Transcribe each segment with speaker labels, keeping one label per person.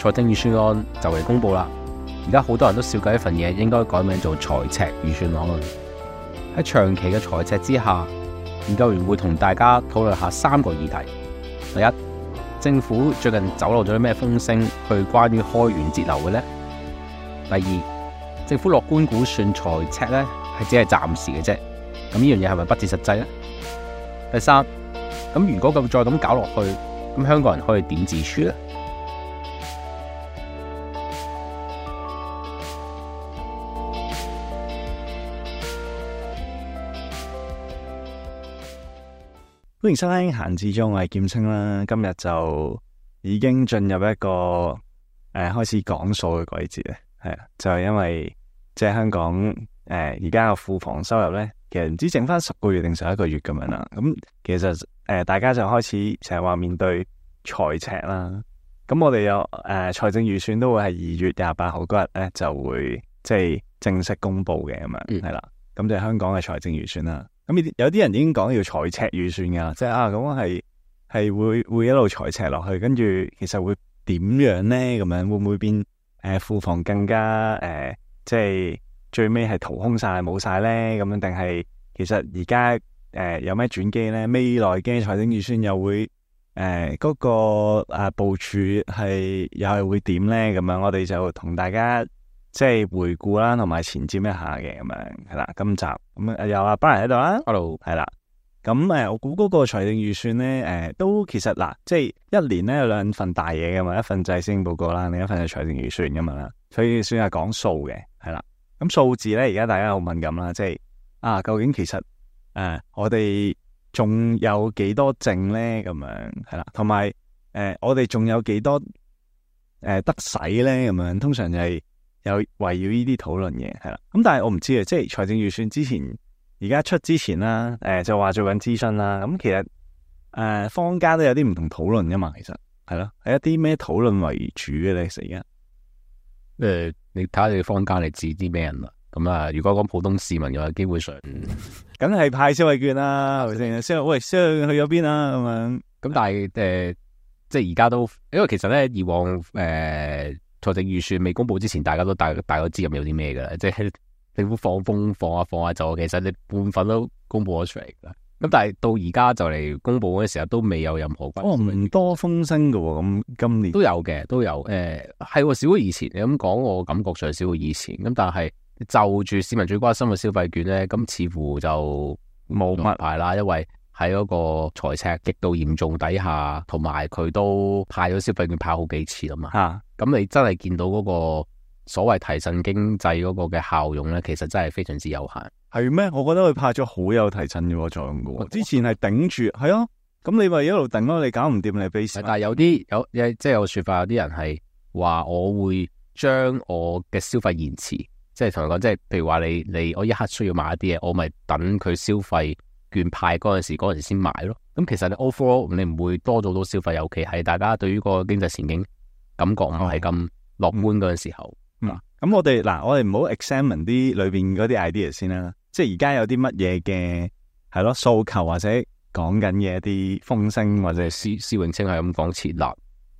Speaker 1: 財政預算案就嚟公布啦，而家好多人都笑計一份嘢應該改名做財赤預算案。喺長期嘅財赤之下，研究員會同大家討論下三個議題：第一，政府最近走漏咗啲咩風聲去關於開源節流嘅呢？第二，政府樂觀估算財赤呢係只係暫時嘅啫，咁呢樣嘢係咪不切實際呢？第三，咁如果咁再咁搞落去，咁香港人可以點自處呢？
Speaker 2: 歡迎收聽閒置中，我係劍青啦。今日就已經進入一個誒、呃、開始講數嘅季節咧，係啊，就係、是、因為即係香港誒而家嘅庫房收入咧，其實唔知剩翻十個月定十一個月咁樣啦。咁其實誒、呃、大家就開始成日話面對財赤啦。咁我哋有誒財、呃、政預算都會係二月廿八號嗰日咧，就會即係正式公布嘅咁樣，係啦。咁就係香港嘅財政預算啦。有啲人已經講要財赤預算㗎，即、就、係、是、啊，咁係係會會一路財赤落去，跟住其實會點樣咧？咁樣會唔會變誒、呃、庫房更加誒、呃？即係最尾係掏空晒冇晒咧？咁樣定係其實而家誒有咩轉機咧？未來嘅財政預算又會誒嗰、呃這個誒、呃、部署係又係會點咧？咁樣我哋就同大家。即係回顧啦，同埋前瞻一下嘅咁樣係啦。今集咁又阿 Brian 喺度啦，hello 係啦。咁誒 Hello.、嗯嗯，我估嗰個財政預算咧，誒、呃，都其實嗱，即係一年咧有兩份大嘢噶嘛，一份就係施政報告啦，另一份就財政預算噶嘛啦。所以算係講數嘅係啦。咁、嗯、數、嗯嗯、字咧，而家大家好敏感啦，即係啊，究竟其實誒、啊，我哋仲有幾多剩咧？咁樣係啦，同埋誒，我哋仲有幾多誒得使咧？咁樣通常就係、是。有圍繞呢啲討論嘅，係啦。咁但係我唔知啊，即係財政預算之前，而家出之前啦，誒、呃、就話做緊諮詢啦。咁其實誒、呃、坊間都有啲唔同討論噶嘛，其實係咯，係一啲咩討論為主嘅
Speaker 1: 咧？而家誒，你睇下、呃、你,你坊間你指啲咩人啦、啊。咁、嗯、啊，如果講普通市民嘅話，基本上，梗 係派消費券啦，係咪先？喂，消費去咗邊啦。咁樣咁，嗯嗯、但係誒、呃，即係而家都，因為其實咧以往誒。呃呃財政預算未公布之前，大家都大大概知道有啲咩噶啦，即係政府放風放下，啊、放下，啊、就，其實你半份都公布咗出嚟啦。咁、嗯、但係到而家就嚟公布嗰陣時候，都未有任何，哦唔多風聲噶喎、哦。咁今年都有嘅，都有誒係、呃哦、少過以前。你咁講，我感覺上少過以前。咁、嗯、但係就住市民最關心嘅消費券咧，咁、嗯、似乎就冇乜排啦。因為喺嗰個財赤極度嚴重底下，同埋佢都派咗消費券派好幾次吖嘛。啊咁你真係見到嗰個所謂提振經濟嗰個嘅效用咧，其實真係非常之有限。係咩？我覺得佢派咗好有提振嘅作用嘅。之前係頂住，係、哦、啊。咁你咪一路頂咯，你搞唔掂你俾錢。但係有啲有即係即係有說法，有啲人係話我會將我嘅消費延遲，即係同我講，即係譬如話你你我一刻需要買一啲嘢，我咪等佢消費券派嗰陣時嗰陣時先買咯。咁其實你 overall 你唔會多做到消費，尤其係大家對於個經濟前景。感覺唔係咁樂觀嗰個時候，嗱、嗯，咁、嗯嗯、我哋嗱，我哋唔好 examine 啲裏邊嗰啲
Speaker 2: idea 先啦，即係而家有啲乜嘢嘅係咯訴求或者講緊嘢啲
Speaker 1: 風聲，或者施施永青係咁講，撤辣，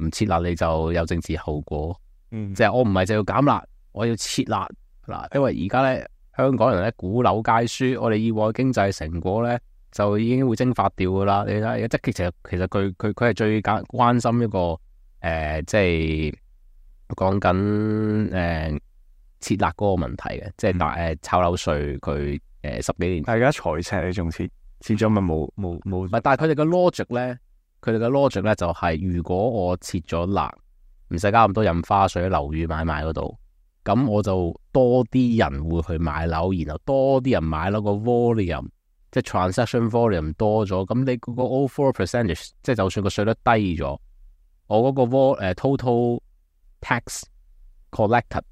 Speaker 1: 唔撤辣你就有政治後果，即、嗯、就我唔係就要減辣，我要撤辣。」嗱，因為而家咧香港人咧股樓皆輸，我哋以往經濟成果咧就已經會蒸發掉噶啦，你睇，即係其實其實佢佢佢係最緊關心一個。誒、呃，即係講緊誒，撤辣嗰個問題嘅，即係大誒炒樓稅，佢誒、呃、十幾年，大家財赤，你仲撤撤咗咪冇冇冇？唔係，但係佢哋嘅 logic 咧，佢哋嘅 logic 咧就係、是，如果我撤咗辣，唔使交咁多印花稅喺樓宇買賣嗰度，咁我就多啲人會去買樓，然後多啲人買樓個 volume，即係 transaction volume 多咗，咁你嗰個 all four percentage，即係就算個稅率低咗。我嗰個窩、uh, total tax collected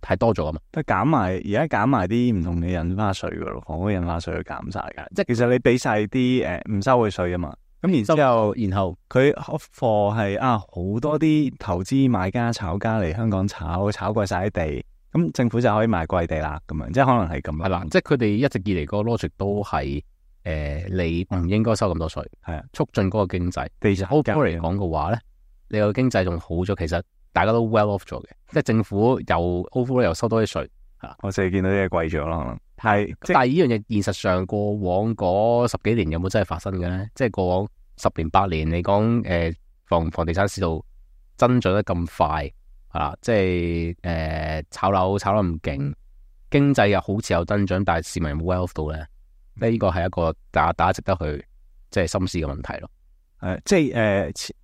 Speaker 1: 太多咗啊嘛，得減埋而家減埋啲唔
Speaker 2: 同嘅印花稅噶咯，房屋印花稅佢減晒噶，即係其實你俾晒啲誒唔收佢稅啊嘛，咁然之後然後佢貨係啊，好多啲投資買家炒家嚟香港炒，炒貴晒地，咁政府就可以賣貴地啦咁樣，即係可能係
Speaker 1: 咁係啦，即係佢哋一直以嚟個 logic 都係。誒、呃，你唔應該收咁多稅，係啊、嗯，促進嗰個經濟。其實 overall 嚟講嘅話咧， 你個經濟仲好咗，其實大家都 well off 咗嘅，即、就、係、是、政府又 overall 又收多啲稅吓， 我淨係見到啲嘢貴咗咯，可能係。 但係呢樣嘢，現實上過往嗰十幾年有冇真係發生嘅咧？即、就、係、是、過往十年八年，你講誒、呃、房房地產市道增長得咁快啊，即係誒炒樓炒得咁勁，經濟又好似有增長，但係市民冇 well off 到咧。呢個係一個大家值得去即係深思嘅問題咯。係即係誒，撤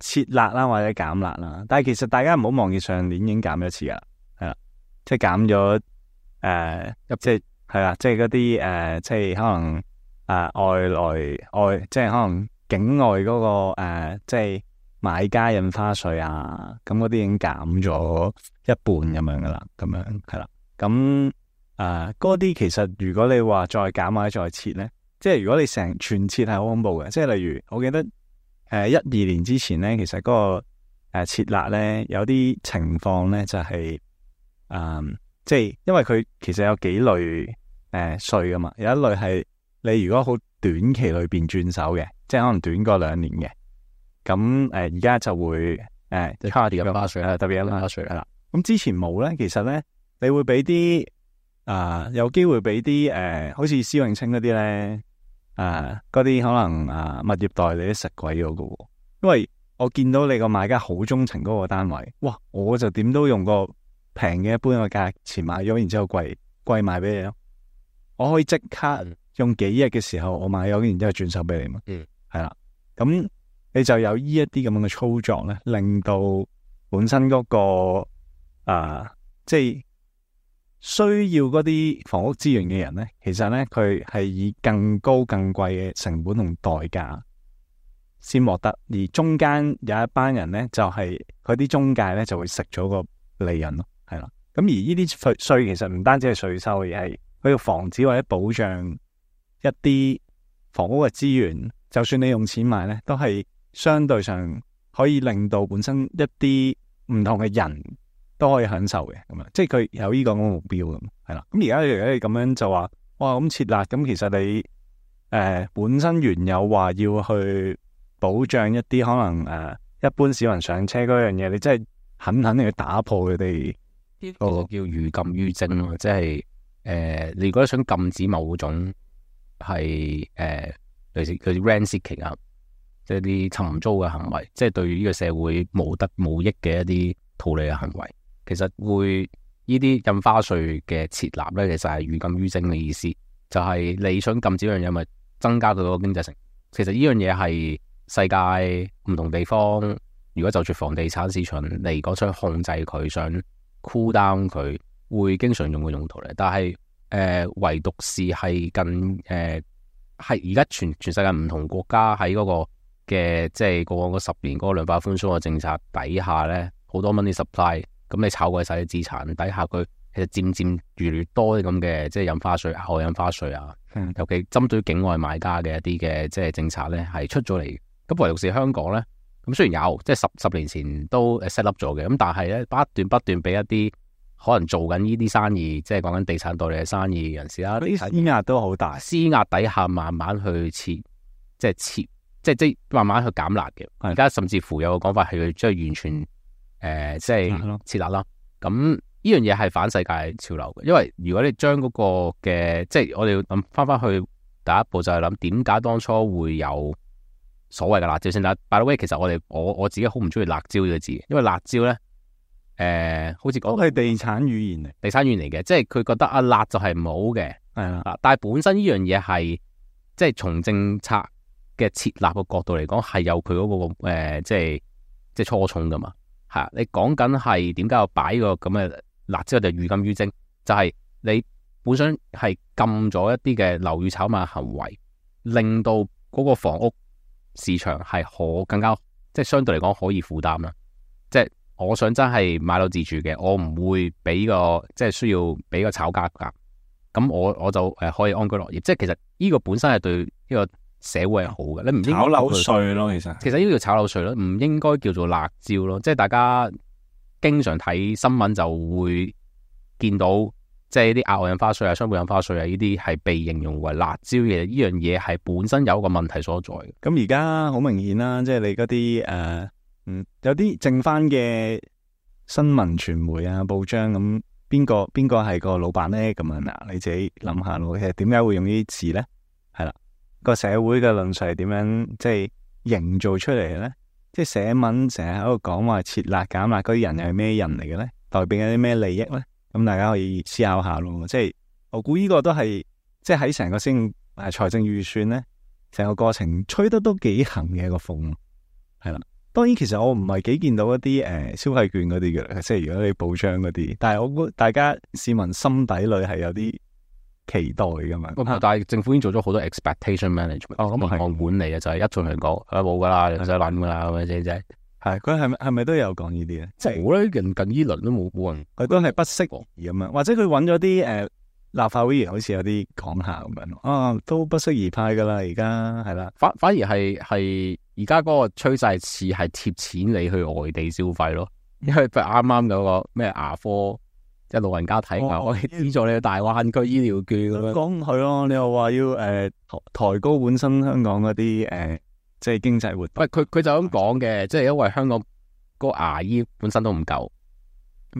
Speaker 1: 撤辣啦，或者減辣啦。但係其實大
Speaker 2: 家唔好忘記上年已經減咗一次噶啦，係啦，即係減咗入即係係啦，即係嗰啲誒，即係可能啊、呃，外來外，即係可能境外嗰、嗰個、呃、即係買家印花稅啊，咁嗰啲已經減咗一半咁樣噶啦，咁、嗯、樣係啦，咁。啊，嗰啲其實如果你話再減或者再切咧，即係如果你成串切係好恐怖嘅，即係例如我記得誒一二年之前咧，其實嗰個誒設立咧有啲情況咧就係，嗯，即係因為佢其實有幾類誒稅噶嘛，有一類係你如果好短期裏邊轉手嘅，即係可能短過兩年嘅，咁誒而家就會誒差啲嘅印花稅，特別印花稅啦，咁之前冇咧，其實咧你會俾啲。啊，uh, 有機會俾啲誒，uh, 好似施永青嗰啲咧，啊，嗰啲可能啊，uh, 物業代理都食鬼咗噶，因為我見到你個買家好鍾情嗰個單位，哇！我就點都用個平嘅一般嘅價錢買咗，然之後貴貴賣俾你咯。我可以即刻用幾日嘅時候，我買咗，然之後轉手俾你嘛。嗯，係啦，咁你就有呢一啲咁樣嘅操作咧，令到本身嗰個啊，uh, 即係。需要嗰啲房屋資源嘅人咧，其實咧佢係以更高、更貴嘅成本同代價先獲得，而中間有一班人咧，就係佢啲中介咧就會食咗個利潤咯，係啦。咁而呢啲稅稅其實唔單止係稅收，而係去防止或者保障一啲房屋嘅資源。就算你用錢買咧，都係相對上可以令到本身一啲唔同嘅人。都可以享受嘅，咁啊，即係佢有呢個目標咁，係啦。咁而家而家咁樣就話，哇，咁撤辣咁，其實你誒、呃、本身原有話要去保障一啲可能誒、呃、一般市民上車嗰樣嘢，你真係肯肯
Speaker 1: 定要打破佢哋、那個叫寓禁於徵，即係誒，你如果想禁止某種係誒、呃、類似佢似 rent seeking 啊，即係啲尋租嘅行為，即係對呢個社會冇得冇益嘅一啲套利嘅行為。嗯其實會呢啲印花稅嘅設立呢，其實係寓禁於徵嘅意思，就係、是、你想禁止呢樣嘢，咪增加佢個經濟性。其實呢樣嘢係世界唔同地方，如果就住房地產市場嚟講，想控制佢，想 cool down 佢，會經常用嘅用途嚟。但係誒、呃，唯獨是係近誒係而家全全世界唔同國家喺嗰個嘅即係過往嗰十年嗰個量寬鬆嘅政策底下呢，好多 money supply。咁、嗯、你炒鬼晒啲資產底下，佢其實漸漸越嚟越多啲咁嘅即係印花稅、外印花稅啊，嗯、尤其針對境外買家嘅一啲嘅即係政策咧係出咗嚟。咁唯獨是香港咧，咁、嗯、雖然有即係十十年前都 set up 咗嘅，咁但係咧不斷不斷俾一啲可能做緊呢啲生意，即係講緊地產代理嘅生意人士啦，啲壓都好大，施壓底下慢慢去切，即係切，即係即係慢慢去減辣嘅。而家甚至乎有個講法係佢即係完全。誒、呃，即係設立啦，咁呢、嗯、樣嘢係反世界潮流嘅，因為如果你將嗰個嘅，即係我哋諗翻翻去第一步，就係諗點解當初會有所謂嘅辣招先得。by the way，其實我哋我我自己好唔中意辣招呢個字，因為辣招咧，誒、呃，好似講係地產語言嚟，地產語言嚟嘅，即係佢覺得啊辣就係唔好嘅，係啦，但係本身呢樣嘢係即係從政策嘅設立嘅角度嚟講，係有佢嗰、那個誒、呃，即係即係初衷噶嘛。吓，你講緊係點解要擺個咁嘅辣招就愈禁愈精，就係、是、你本身係禁咗一啲嘅樓宇炒賣行為，令到嗰個房屋市場係可更加即係相對嚟講可以負擔啦。即係我想真係買到自住嘅，我唔會俾個即係需要俾個炒價格。咁我我就誒可以安居樂業。即係其實呢個本身係對一、這個。社會係好嘅，啊、你唔知炒樓稅咯？其實其實呢個炒樓稅咯，唔應該叫做辣招咯。即係大家經常睇新聞就會見到，即係啲額外印花稅啊、雙倍印花稅啊呢啲係被形容為辣招。其實呢樣嘢係本身有一個問題所在。咁而家好
Speaker 2: 明顯啦，即係你嗰啲
Speaker 1: 誒，嗯，有啲剩翻嘅
Speaker 2: 新聞傳媒啊、報章咁，邊個邊個係個老闆咧？咁樣呀，你自己諗下咯。其實點解會用呢啲詞咧？係啦。個社會嘅論述係點樣，即係營造出嚟嘅咧？即係寫文成日喺度講話，切辣減辣，嗰啲人係咩人嚟嘅咧？代表一啲咩利益咧？咁、嗯、大家可以思考下咯。即係我估呢個都係，即係喺成個先誒、啊、財政預算咧，成個過程吹得都幾行嘅一個風。係啦，當然其實我唔係幾見到一啲誒、呃、消費券嗰啲嘅，即係如果你保障嗰啲。但係我估大家市民心底裏係有啲。
Speaker 1: 期待噶嘛？但係政府已經做咗好多 expectation management、哦、咁，同我管嚟嘅就係、是、一進嚟講，啊冇噶啦，你唔使諗噶啦，咁樣啫啫。係佢係係咪都有講呢啲咧？即係我咧，
Speaker 2: 近近依輪都冇換，佢都係不適宜咁樣，或者佢揾咗啲誒立法會議員，好似有啲講下咁樣。啊的、哦，都不適宜派噶啦，而家係啦，反反而係
Speaker 1: 係而家嗰個趨勢似係貼錢你去外地消費咯，嗯、因為啱啱嗰個咩牙科。即係老人家睇埋，哦、我係資助你嘅大灣區醫療
Speaker 2: 券咁、哦、樣。講係咯，你又話要誒抬、呃、高本身香港嗰啲誒即
Speaker 1: 係經濟活動。佢佢、嗯、就咁講嘅，即、就、係、是、因為香港個牙醫本身都唔夠，咁、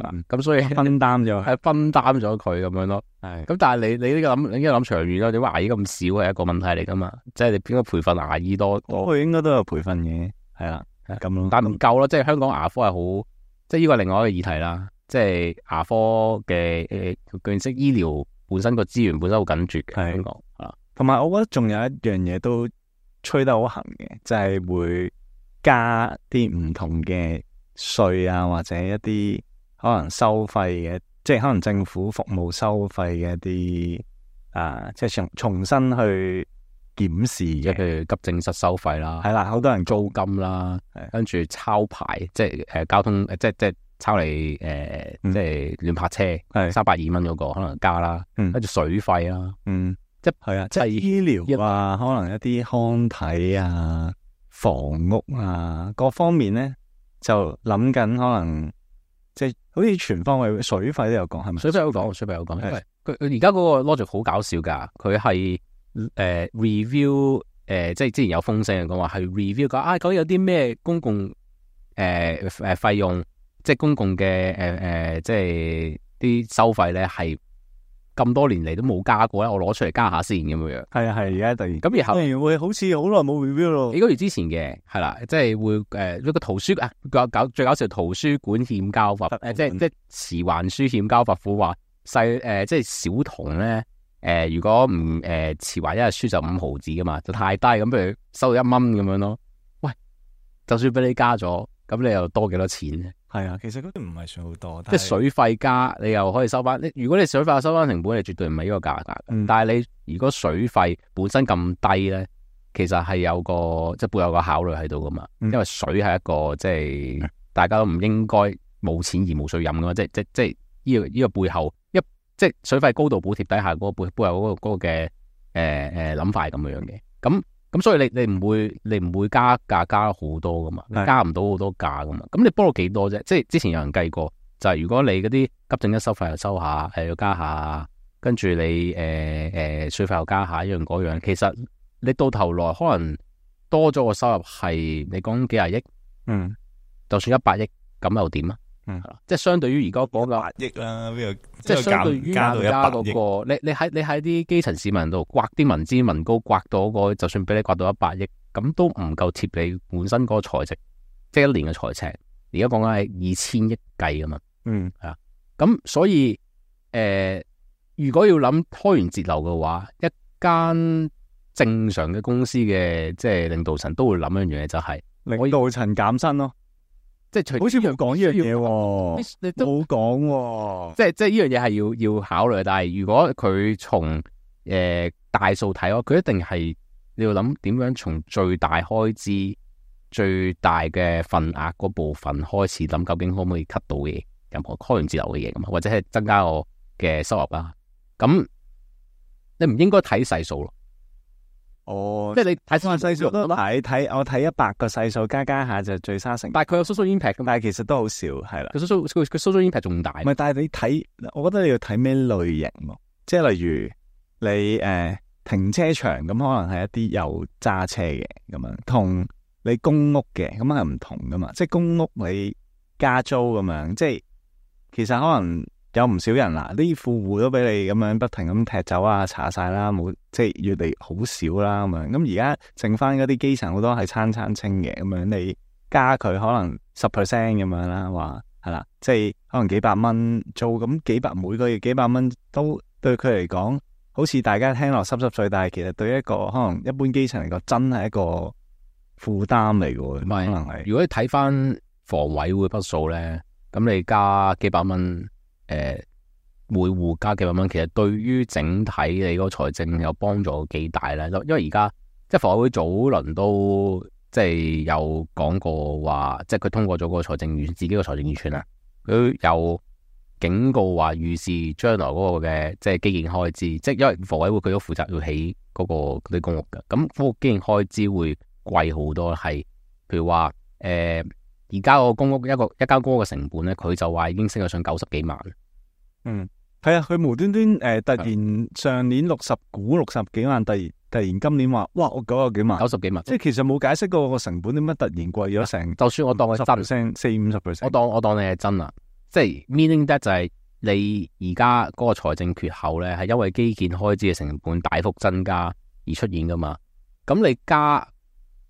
Speaker 1: 嗯嗯、所以分擔咗，係分擔咗佢咁樣咯。係咁的，但係你你呢個諗，你應該諗長遠咯。點解牙醫咁少係一個問題嚟㗎嘛？即、就、係、是、你邊個培訓牙醫多？多佢應該都有培訓嘅，係啦，咁但係唔夠咯，即、就、係、是、香港牙科係好，即係呢個另外一個議題啦。即係牙科嘅誒，據、呃、悉醫療本身個資源本身好緊絕嘅，咁講吓。同埋、嗯，我覺得仲有一樣嘢都吹得好
Speaker 2: 狠嘅，就係、是、會加啲唔同嘅稅啊，或者一啲可能收費嘅，即係可能政府服務收費嘅一啲
Speaker 1: 啊，即係重重新去檢視嘅，譬如急症室收費啦，係啦，好多人租金啦，嗯、跟住抄牌，即係誒、呃、交通，即係即係。即抄嚟誒，即係亂泊車，係三百二蚊嗰個可能加啦，跟住水費啦，嗯，即係係啊，即係醫療啊，可能一啲康體啊、
Speaker 2: 房屋啊各方面咧，就諗緊可能即係好似全方位水費都有講，係咪？ 水費有講，水費有講，
Speaker 1: 佢佢而家嗰 g 邏輯好搞笑噶，佢係誒 review 誒，即係之前有封信講話係 review，講啊講有啲咩公共誒誒費用。即係公共嘅誒誒，即係啲收費咧，係咁多年嚟，都冇加過咧。我攞出嚟加下先咁樣樣。係啊係，而家突然咁，然後突然會、哎呃、好似好耐冇 review 咯。幾個月之前嘅係啦，即係會誒一個圖書館搞、啊、最搞笑，圖書館欠交罰，啊、即係、啊、即係遲還書欠交罰款。話細誒，即係小童咧，誒、呃、如果唔誒遲還一日書就五毫子噶嘛，就太低咁，譬如收一蚊咁樣咯。喂，就算俾你加咗，咁你又多幾多錢？係啊，其實嗰啲
Speaker 2: 唔係算好多，
Speaker 1: 即係水費加你又可以收翻。你如果你水費收翻成本，你絕對唔係呢個價格。嗯，但係你如果水費本身咁低咧，其實係有個即係背後有個考慮喺度噶嘛。嗯，因為水係一個即係大家都唔應該冇錢而冇水飲噶嘛。即係即即係呢個呢個背後，一即係水費高度補貼底下嗰個背背後嗰個嗰個嘅誒誒諗法係咁樣嘅咁。咁、嗯、所以你你唔會你唔會加價加好多噶嘛。你加唔到好多價噶嘛？咁是的 你幫多到幾多啫？即係之前有人計過，就係、是、如果你嗰啲急症一收費又收下，誒、呃、要加下，跟住你誒誒稅費又加下，一樣嗰樣，其實你到頭來可能多咗個收入係你講幾廿億，嗯，就算一百億，咁又點啊？嗯、即係相對於而家講個百億啦，即係相對於、那個、加加一百億你你喺你喺啲基層市民度刮啲民脂民膏，刮到個就算俾你刮到一百億，咁都唔夠貼你本身嗰個財值，即、就、係、是、一年嘅財赤。而家講緊係二千億計啊嘛，嗯，係啊，咁所以誒、呃，如果要諗開源節流嘅話，一間正常嘅公司嘅即係領導層都會諗一樣嘢，就係領導層減薪咯。即係，好似冇講呢樣嘢，
Speaker 2: 你都冇講。即
Speaker 1: 係，即係呢樣嘢係要要考慮。但係，如果佢從誒、呃、大數睇咯，佢一定係你要諗點樣從最大開支、最大嘅份額嗰部分開始諗，究竟可唔可以 cut 到嘅嘢咁，任何開源節流嘅嘢咁，或者係增加我嘅收入啦。咁你唔應該睇細數咯。哦，即係你睇翻細數，睇睇
Speaker 2: 我睇一百個細數加加下就最沙成，但係佢有 social impact，但係其實都好少係啦。佢 social 佢佢 social impact 仲大，唔係，但係你睇，我覺得你要睇咩類型，即係例如你誒、呃、停車場咁，可能係一啲有揸車嘅咁樣，同你公屋嘅咁樣係唔同噶嘛。即係公屋你加租咁樣，即係其實可能。有唔少人嗱、啊，啲富戶都俾你咁樣不停咁踢走啊，查晒啦，冇即係越嚟好少啦咁樣。咁而家剩翻嗰啲基層好多係餐餐清嘅，咁樣你加佢可能十 percent 咁樣啦，話係啦，即係可能幾百蚊租，咁幾百每個月幾百蚊都對佢嚟講，好似大家聽落濕濕碎，但係其實對一個可能一般基層嚟講，真係一個
Speaker 1: 負擔嚟嘅。可能係，唔係，如果你睇翻房委會筆數咧，咁你加幾百蚊。誒，每戶加幾百蚊，其實對於整體你嗰個財政有幫助幾大咧？因因為而家即係房委會早輪都即係有講過話，即係佢通過咗個財政預算，自己個財政預算啊，佢有警告話預示將來嗰個嘅即係基建開支，即係因為房委會佢都負責要起嗰、嗰個嗰啲公屋噶，咁公屋基建開支會貴好多，係譬如話誒，而、呃、家個公屋一個一間公屋嘅成本咧，佢就話已經升咗上九十幾萬。
Speaker 2: 嗯，係啊，佢無端端誒、呃，突然是的 上年六十股六十幾萬，第突然今年話哇，我九十幾萬九十幾萬，萬即係其實冇解釋
Speaker 1: 過個成本點解突然貴咗成，就算我當佢十 percent 四五十 percent，我當我當你係真啊。即係 meaning that 就係、是、你而家嗰個財政缺口咧，係因為基建開支嘅成本大幅增加而出現噶嘛。咁你加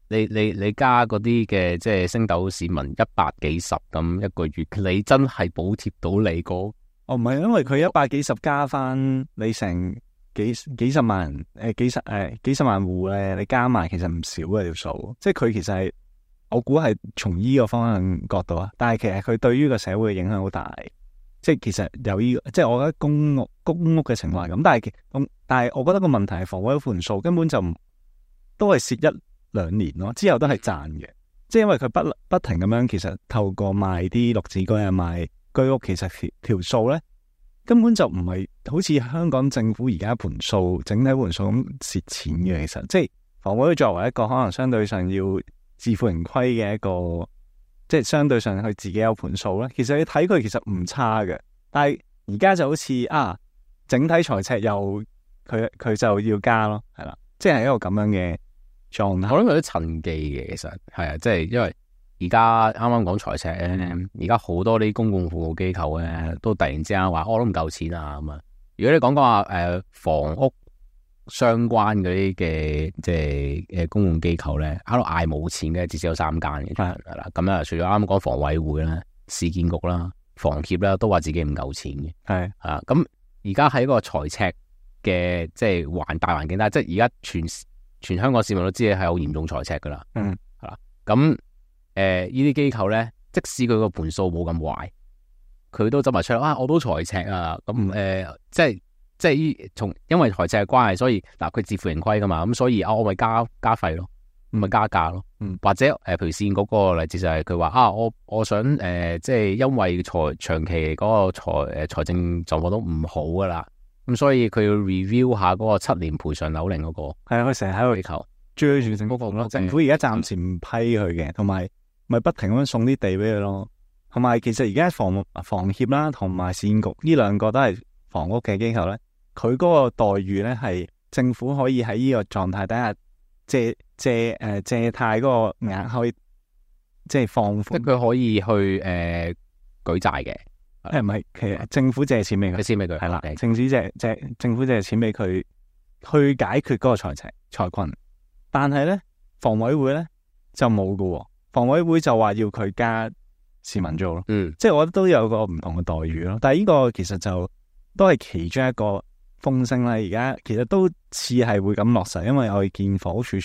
Speaker 1: 你你你，你加嗰啲嘅即係升斗市民一百幾十咁一個月，你真係補貼到你個？哦，唔係，因為佢一百幾十加翻你成幾
Speaker 2: 幾十萬誒、呃，幾十誒、呃、幾十萬戶咧，你加埋其實唔少嘅條數。即係佢其實係我估係從呢個方向角度啊，但係其實佢對於個社會嘅影響好大。即係其實有呢、這個，即係我覺得公屋公屋嘅情況咁。但係咁，但係我覺得個問題係房委盤數根本就都係蝕一兩年咯，之後都係賺嘅。即係因為佢不不停咁樣，其實透過賣啲綠置居啊賣。居屋其實條條數呢根本就唔係好似香港政府而家盤數整體盤數咁蝕錢嘅，其實即係房委會佢作為一個可能相對上要自負盈虧嘅一個，即係相對上佢自己有盤數呢。其實你睇佢其實唔差嘅，但係而家就好似啊，整體財赤又
Speaker 1: 佢佢就要加咯，係啦，即係一個咁樣嘅狀態。我覺得有啲趁機嘅，其實係啊，即係因為。而家啱啱講財赤咧，而家好多啲公共服務機構咧，都突然之間話我，哦，都唔夠錢啊咁啊。如果你講講話誒，呃，房屋相關嗰啲嘅即係誒公共機構咧，喺度嗌冇錢嘅至少有三間嘅啦。咁啊是、嗯，除咗啱啱講房委會啦，市建局啦，房協啦，都話自己唔夠錢嘅。係啊是的，咁而家喺個財赤嘅即係環大環境，但係即係而家全全香港市民都知係好嚴重財赤噶啦，嗯。嗯，係，嗯，啦，咁。誒，呃、機呢啲機構咧，即使佢個盤數冇咁壞，佢都執埋出嚟。哇、啊，我都財赤啊，咁、啊、誒、呃，即係即係從，因為財赤嘅關係，所以嗱，佢、啊、自負盈虧噶嘛，咁、嗯、所以、啊、我咪加加費咯，咪加價咯。嗯、或者誒、呃，譬如先嗰個例子就係佢話啊，我我想誒、呃，即係因為財長期嗰個財誒財政狀況都唔好噶啦，咁、嗯、所以佢要 review 下嗰個七年賠償樓齡嗰個。係啊，佢成日喺度求追住成嗰個。政府而家暫時
Speaker 2: 唔批佢嘅，同埋。咪不停咁樣送啲地俾佢咯，同埋其實而家房房協啦，同埋善局呢兩個都係房屋嘅機構咧，佢嗰個待遇咧係政府可以喺呢個狀態底下借借誒借貸嗰個額去即係放款。佢可以去誒、呃、舉債嘅。誒唔係，其實政府借錢俾佢，俾錢俾佢係啦，政府借借政府借錢俾佢去解決嗰個財政財困，但係咧房委會咧就冇噶。房委會就話要佢加市民租咯，嗯，即係我覺得都有個唔同嘅待遇咯。但係呢個其實就都係其中一個風聲啦。而家其實都似係會咁落實，因為我哋見房屋署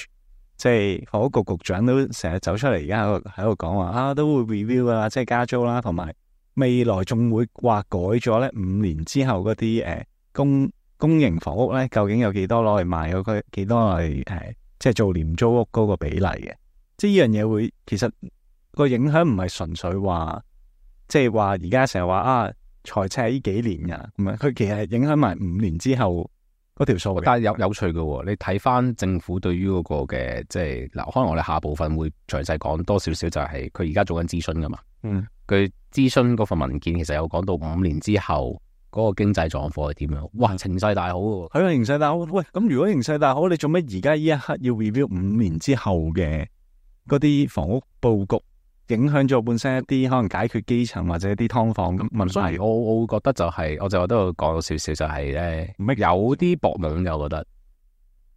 Speaker 2: 即係房屋局局長都成日走出嚟，而家喺度喺度講話啊，都會 review 噶啦，即係加租啦，同埋未來仲會話改咗咧。五年之後嗰啲誒公公營房屋咧，究竟有幾多攞嚟賣嗰區，幾多嚟誒、呃，即係做廉租屋嗰個比例嘅。即係呢樣嘢會，其實個影響唔係純粹話，即係話而家成日話啊，財赤係呢幾年噶、啊，唔係佢其實係影響埋五年之後嗰條
Speaker 1: 數。但係有有趣嘅、哦，你睇翻政府對於嗰個嘅，即係嗱，可能我哋下部分會詳細講多少少、就係，就係佢而家做緊咨詢噶嘛。嗯，佢諮詢嗰份文件其實有講到五年之後嗰、嗰個經濟狀況係點樣？哇，情勢大好喎！係啊，形勢大好。喂，咁如果形勢大好，你做咩而家呢一刻要 review 五年之後嘅？
Speaker 2: 嗰啲房屋布局影響咗本身一啲可能解決基層或者一啲劏房
Speaker 1: 咁問題，所以我我覺得就係，我就喺度講少少就係咧，唔係有啲博懵嘅。我覺得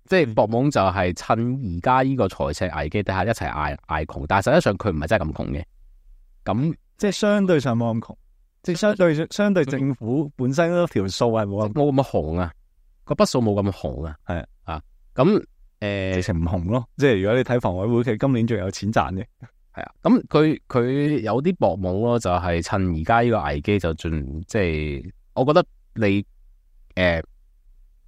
Speaker 1: 即係博懵就係趁而家呢個財政危機底下一齊嗌嗌窮，但係實際上佢唔係真係咁窮嘅，咁即係相對上冇咁窮，
Speaker 2: 即係相對相對政府本身嗰條數係冇咁冇咁紅啊，個筆數冇
Speaker 1: 咁紅啊，係啊咁。誒，成、呃、唔紅咯，即係如果你睇房委會，佢今年仲有錢賺嘅，係啊，咁佢佢有啲博懵咯，就係、是、趁而家呢個危機就盡，即係我覺得你，誒、呃，誒、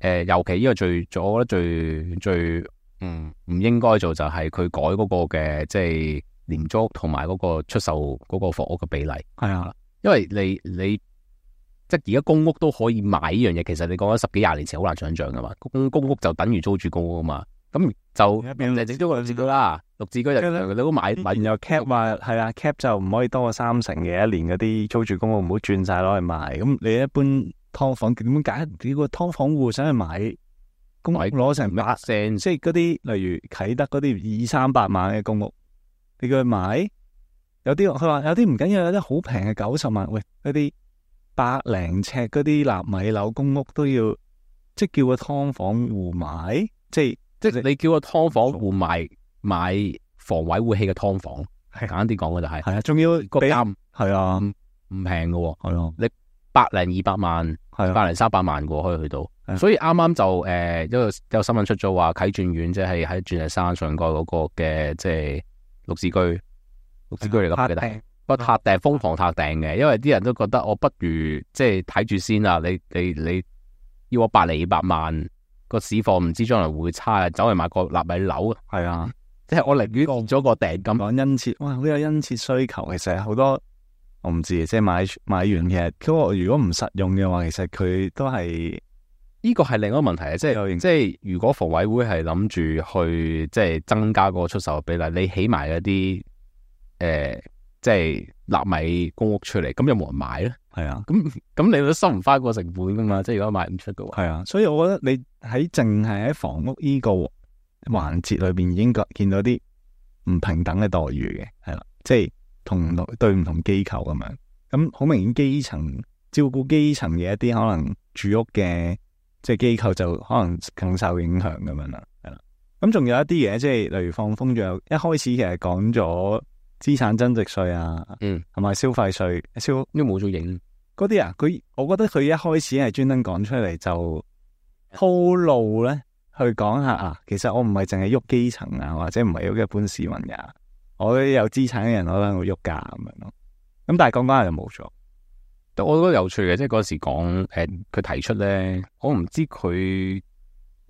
Speaker 1: 呃，尤其呢個最，我覺得最最，嗯，唔、嗯、應該做就係佢改嗰個嘅，即係廉租同埋嗰個出售嗰個房屋嘅比例，係啊，因為你你即係而家公屋都可以買呢樣嘢，其實你講緊十幾廿年前好難想象噶嘛，公公屋就等於租住公屋噶嘛。咁就就整咗個六字句啦，六字句入
Speaker 2: 嚟你都買。然後 cap 話係啊 cap 就唔可以多過三成嘅，一年嗰啲租住公屋唔好轉晒攞去賣。咁你一般劏房點解？唔知？個劏房戶想去買公屋攞成八成，即係嗰啲例如啟德嗰啲二三百萬嘅公屋，你叫佢買？有啲佢話有啲唔緊要，有啲好平嘅九十萬，喂，嗰啲百零尺嗰啲納米樓公屋都要，即係叫個劏
Speaker 1: 房戶買，即係。即係你叫個劏房戶埋買防偽護器嘅劏房，係是簡單啲講嘅就係、是，係啊，仲要個價係啊，唔平嘅，係咯，你百零二百萬，係百零三百萬嘅可以去到，啊、所以啱啱就誒、呃，有有新聞出咗話啟駿院即係喺鑽石山上蓋嗰個嘅即係六字居，六字居嚟嘅，但係、啊、拍不風房塔頂，瘋狂塔頂嘅，因為啲人都覺得我不如即係睇住先啊，你你你，你要我百零二百萬。個市況唔知將來會差啊？走去買個納米樓啊，係啊，即係我寧願落咗
Speaker 2: 個訂咁講殷切，哇，好有殷切需求。其實係好多，我唔知即係買買完嘅，如果唔實用嘅話，其實佢都係呢個係另一個問題啊。即
Speaker 1: 係應即係，如果房委會係諗住去即係增加個出售比例，你起埋一啲誒、呃，即係。納米公屋出嚟，咁有冇人買咧？係啊，咁咁你都收唔翻個成本噶嘛？即係如果賣唔出嘅話，係啊，所以我覺得你
Speaker 2: 喺淨係喺房屋呢個環節裏邊，已經見到啲唔平等嘅待遇嘅，係啦，即係同對唔同機構咁樣，咁好明顯基層照顧基層嘅一啲可能住屋嘅即係機構就可能更受影響咁樣啦，係啦，咁仲有一啲嘢，即係例如放風，仲有一開始其實講咗。資產增值稅啊，嗯，同埋消費稅，消因冇咗影嗰啲啊，佢我覺得佢一開始係專登講出嚟就鋪路咧，去講下啊，其實我唔係淨係喐基層啊，或者唔係喐一般市民呀，啊，我有資產嘅人我可能會喐價咁樣咯。咁但係講翻嚟就冇咗，
Speaker 1: 我覺得有趣嘅，即係嗰時講誒，佢、呃、提出咧，我唔知佢誒、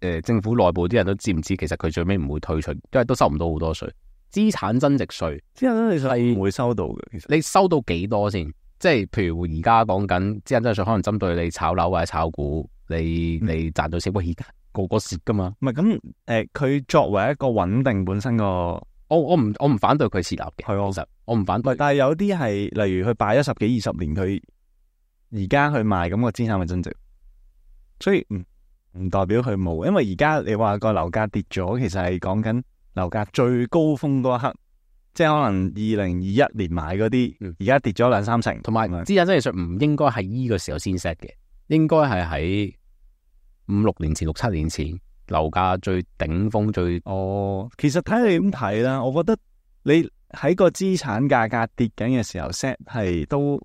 Speaker 1: 呃、政府內部啲人都知唔知，其實佢最尾唔會退出，因為都收唔到好多稅。資產增值稅，資產增值稅唔會收到嘅。其實你收到幾多先？即係譬如而家講緊資產增值稅，可能針對你炒樓或者炒股，你、嗯、你賺到少，不如個個蝕噶嘛。唔係咁，誒，佢、呃、作為一個穩定本身個，我我唔
Speaker 2: 我唔反對佢設立嘅。係啊，其實我唔反對。但係有啲係，例如佢擺咗十幾二十年，佢而家去賣，咁個資產嘅增值。所以，嗯，唔代表佢冇，因為而家你話個樓價跌咗，其實係講緊。樓價最高峰嗰一刻，
Speaker 1: 即係可能二零二一年買嗰啲，而家、嗯、跌咗兩三成。同埋有，資嗎產增值稅唔應該係呢個時候先 set 嘅，應該係喺五六年前、六七年前樓價最頂峰最。哦，其實睇你點睇啦。我覺得
Speaker 2: 你喺個資產價格跌緊嘅時候 set 係都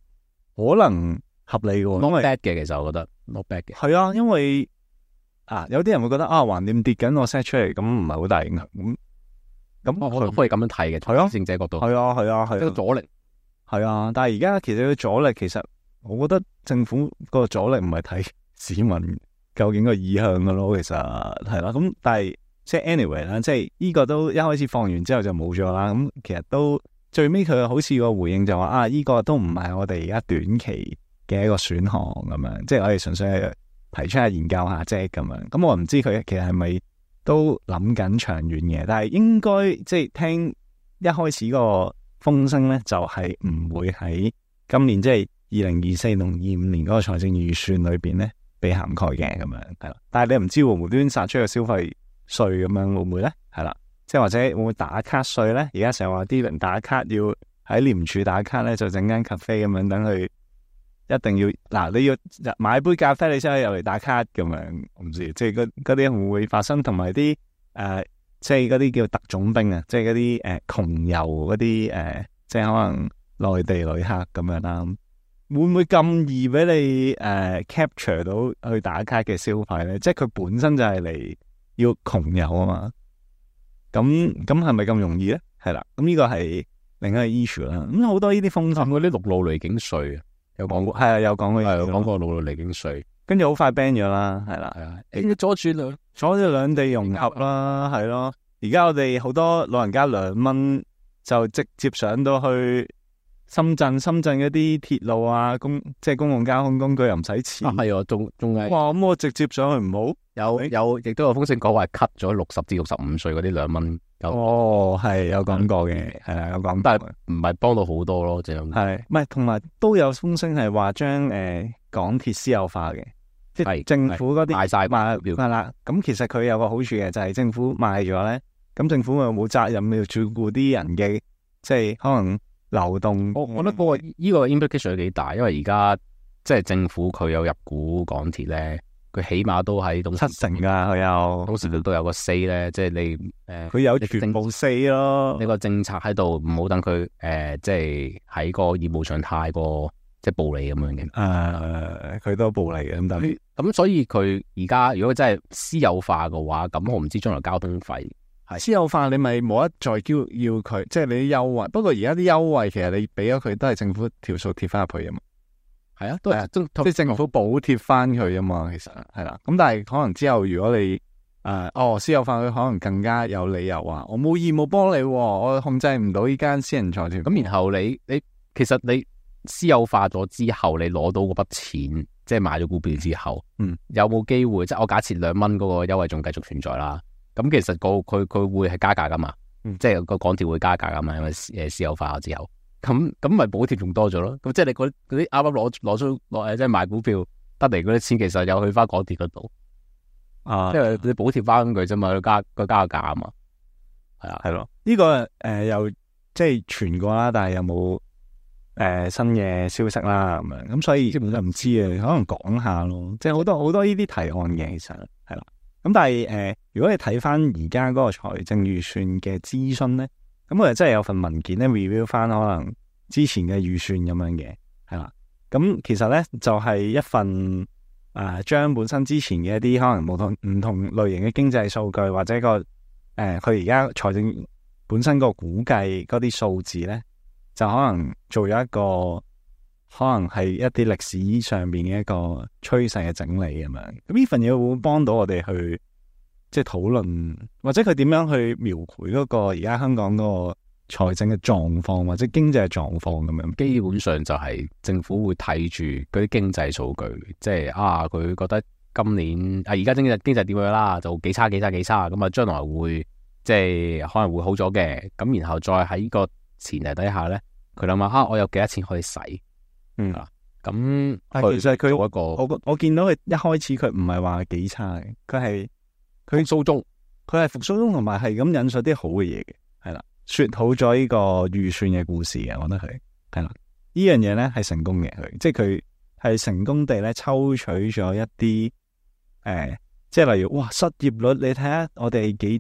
Speaker 2: 可能合理嘅，not bad 嘅。其實我覺得 not bad 嘅，係啊，因為啊，有啲人會覺得啊，橫掂，跌緊我 set 出嚟，咁唔係好大影響咁。咁、哦、我都可以咁樣睇嘅，啊、從政者角度，係啊，係啊，係一、啊、個阻力，係啊。但係而家其實個阻力，其實我覺得政府個阻力唔係睇市民究竟個意向噶咯。其實係啦，咁、啊、但係即係 anyway 啦，即係呢個都一開始放完之後就冇咗啦。咁其實都最尾佢好似個回應就話啊，呢、呢個都唔係我哋而家短期嘅一個選項咁樣，即係我哋純粹係提出下研究下，啫。咁樣。咁我唔知佢其實係咪都諗緊長遠嘅，但係應該即係聽一開始個風聲咧，就係唔會喺今年即係二零二四同二五年嗰個財政預算裏邊咧被涵蓋嘅咁樣，係啦。但係你唔知會無端殺出個消費稅咁樣會唔會咧？係啦，即係或者會唔會打卡稅咧？而家成日話啲人打卡要喺廉署打卡咧，就整間咖啡咁樣等佢。一定要嗱，你要買杯咖啡，你先可以入嚟，打卡咁樣。我唔知，即係嗰啲會唔會發生，同埋啲誒，即係嗰啲叫特種兵啊，即係嗰啲誒窮遊嗰啲誒，即係可能內地旅客咁樣啦，會唔會咁易俾你誒、呃、capture 到去打卡嘅消費咧？即係佢本身就係嚟要窮遊啊嘛，咁咁係咪咁容易咧？係啦，咁呢個係另一個 issue 啦。咁、嗯、好多呢啲風生嗰啲陸路離境稅啊。又講，係啊、嗯，有講佢，講個陸路離境稅，跟住好快 ban 咗啦，係啦，係啊，應該阻住兩，阻住兩地融合啦，係咯在，而家我哋好多老人家兩蚊就直接上到去。深圳、深圳一啲鐵路啊，公即係公共交通工具又唔使錢。係、啊、仲仲係。哇，咁、嗯、我直接上去唔好？有有，
Speaker 1: 亦、哎、都有風聲講話 cut 咗六十至六十五歲嗰啲兩蚊。哦，係有講過嘅，係啊有講。但係唔係幫到好多咯，就係、是。係，唔係同埋都有風聲係話
Speaker 2: 將誒港鐵私有化嘅，即係政府嗰啲賣晒賣啦。咁、啊、其實佢有個好處嘅就係、是、政府賣咗咧，咁政府咪冇責任要照顧啲人
Speaker 1: 嘅，即、就、係、是、可能。流動，我我覺得嗰個依個 influence 都幾大，因為而家即係政府佢有入股港鐵咧，佢起碼都喺度七成噶，佢有同時都有個 say 咧、嗯，即係你誒，佢、呃、有全部 say 咯，你個政策喺度唔好等佢誒，即係喺個業務上太過即係暴利咁樣嘅。誒、啊，佢都暴利嘅咁特別，咁所以佢而家如果真係私有化嘅話，咁我唔知將來交通費。私有化你咪冇得再叫要佢，
Speaker 2: 即係你啲優惠。不過而家啲優惠其實你俾咗佢都係政府條數貼翻入去啊嘛。係啊對，都係即政府補貼翻佢啊嘛。其實係啦。咁但係可能之後如果你誒、呃，哦私有化佢可能更加有理由話，我冇義務幫你，我控制
Speaker 1: 唔到呢間私人財團。咁然後你你其實你私有化咗之後，你攞到嗰筆錢，即係買咗股票之後，嗯，有冇機會？即係我假設兩蚊嗰個優惠仲繼續存在啦。咁其實個佢佢會係加價噶嘛，嗯、即係個港鐵會加價噶嘛，因為誒私有化之後，咁咁咪補貼仲多咗咯。咁即係你嗰啲，啱啱攞攞出攞誒，即係賣股票得嚟嗰啲錢，其實有去翻港鐵嗰度啊，即係你，因為佢補貼翻佢啫嘛，佢加佢加價啊嘛，係啊，係咯。呢個誒又
Speaker 2: 即係傳過啦，但係又冇誒新嘅消息啦咁樣？咁所以基本係唔知啊，你可能講下咯。即係好多好多呢啲提案嘅，其實係啦。咁但係誒、呃，如果你睇翻而家嗰個財政預算嘅諮詢咧，咁、嗯、佢哋真係有份文件咧 review 翻可能之前嘅預算咁樣嘅，係啦。咁、嗯、其實咧就係、是、一份啊，將、呃、本身之前嘅一啲可能唔同唔同類型嘅經濟數據或者個誒，佢而家財政本身個估計嗰啲數字咧，就可能做咗一個。可能係一啲歷史上面嘅一個趨勢嘅整理咁樣，咁呢份嘢會幫到我哋去即係討論，或者佢點樣去描繪嗰個而家香港嗰個
Speaker 1: 財政嘅狀況，或者經濟嘅狀況咁樣。基本上就係政府會睇住嗰啲經濟數據，即係啊，佢覺得今年啊而家經濟經濟點樣啦，就幾差幾差幾差，咁啊將來會即係可能會好咗嘅，咁然後再喺個前提底下呢，佢諗下啊，我有幾多錢可以使？嗯啊，咁、嗯、其實佢一個，我我見到佢一開始佢唔係話幾差嘅，佢係
Speaker 2: 佢復甦中，佢係復甦中，同埋係咁引述啲好嘅嘢嘅，係啦，說好咗呢個預算嘅故事嘅，我覺得佢係啦，這個、呢樣嘢咧係成功嘅，佢即係佢係成功地咧抽取咗一啲誒、呃，即係例如哇，失業率你睇下我哋係幾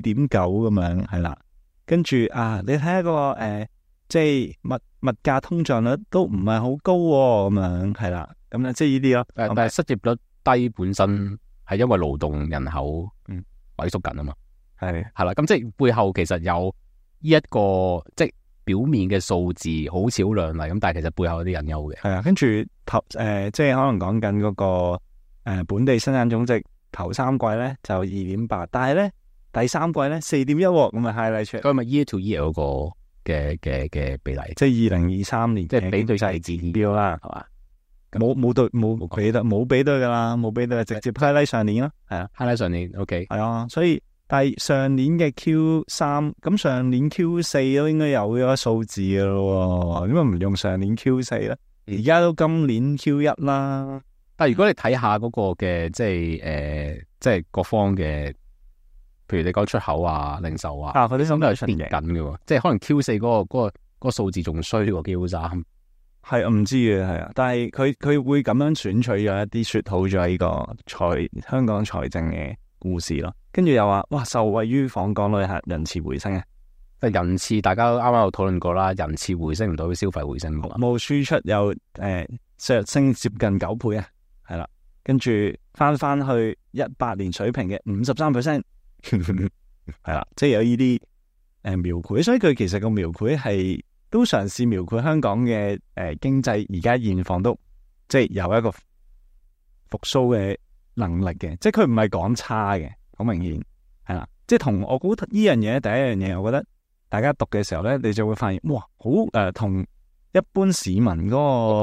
Speaker 2: 低，二點九咁樣，係啦，跟住啊，你睇下、嗰個誒、呃，即係物。物價通脹率都唔係好高咁、哦、
Speaker 1: 樣，係啦，咁樣即係呢啲咯。但係失業率低本身係因為勞動人口萎縮緊啊嘛，係係啦。咁即係背後其實有呢一個即係、就是、表面嘅數字好似好亮麗，咁但係其實背後有啲隱憂嘅。係啊，跟住
Speaker 2: 頭誒、呃，即係可能講緊嗰個誒、呃、本地生產總值頭三季咧就二點八，但係咧第三季咧四點一咁啊係咧出佢咪 year to year 嗰、那個？嘅嘅嘅比例，即係二零二三年，即係比對晒字標啦，係嘛？冇冇對冇比得冇比對噶啦，冇比對，直接攀拉上年啦，係啊，攀拉上年，O K，係啊，所以但係上年嘅 Q 三，咁上年 Q 四都應該有咗數字噶咯，點解唔用上年 Q 四咧？而家都今
Speaker 1: 年 Q 一啦，但係如果你睇下嗰個嘅、嗯呃，即係誒，即係各方嘅。譬如你講出口啊、零售啊，啊，嗰啲都係出嚟緊嘅，即係可能 Q 四嗰、嗰個、嗰、嗰個、嗰個數字仲衰喎、啊。Q 三係唔知嘅，係啊，但係
Speaker 2: 佢佢會咁樣選取咗一啲說好咗呢個財香港財政嘅故事咯。跟住又話哇，受惠於訪港旅客人次回升嘅、啊，人次，大家都啱啱有討論過啦。人次回升唔到，消費回升冇、啊、啦，輸出又誒上升接近九倍啊，係啦，跟住翻翻去一八年水平嘅五十三 percent。係啦， 即係有呢啲誒描繪，所以佢其實個描繪係都嘗試描繪香港嘅誒、呃、經濟，而家現況都即係有一個復蘇嘅能力嘅，即係佢唔係講差嘅，好明顯係啦。即係同我估呢樣嘢，第一樣嘢，我覺得大家讀嘅時候咧，你就會發現哇，好誒、呃、同。一般市民嗰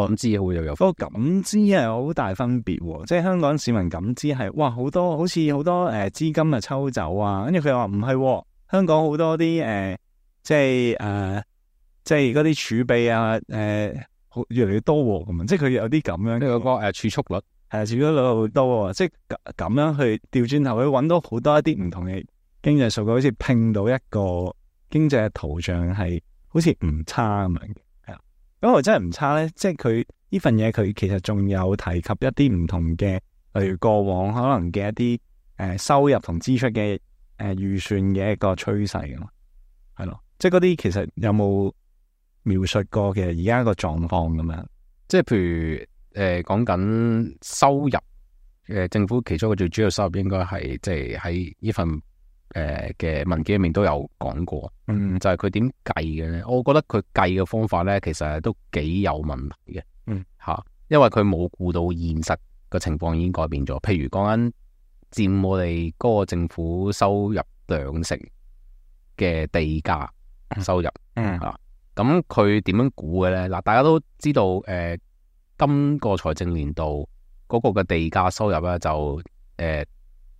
Speaker 2: 個感知好又有，不過感知係好大分別喎、哦。即、就、係、是、香港市民感知係，哇好多好似好多誒、呃、資金啊抽走啊，跟住佢話唔係，香港好多啲誒、呃、即係誒、呃、即係嗰啲儲備啊誒、呃，越嚟越多喎咁啊。即係佢有啲咁樣，即係嗰個儲蓄率係儲蓄率好多啊。即係咁樣去調轉頭去揾到好多一啲唔同嘅經濟數據，好似拼到一個經濟圖像係好似唔差咁樣。咁我真係唔差咧，即係佢呢份嘢佢其實仲有提及一啲唔同嘅，例如過往可能嘅一啲誒、呃、收入同支出嘅誒、呃、預算嘅一個趨勢咯，係咯，即係嗰啲其
Speaker 1: 實有冇描述過其實而家個狀況咁樣？即係譬如誒、呃、講緊收入，誒、呃、政府其中一個最主要收入應該係即係喺呢份。誒嘅文件入面都有講過，嗯，就係佢點計嘅咧？我覺得佢計嘅方法咧，其實都幾有問題嘅，嗯，吓，因為佢冇估到現實嘅情況已經改變咗。譬如講緊佔我哋嗰個政府收入兩成嘅地價收入，嗯啊，咁佢點樣估嘅咧？嗱，大家都知道，誒，今個財政年度嗰個嘅地價收入咧，就誒，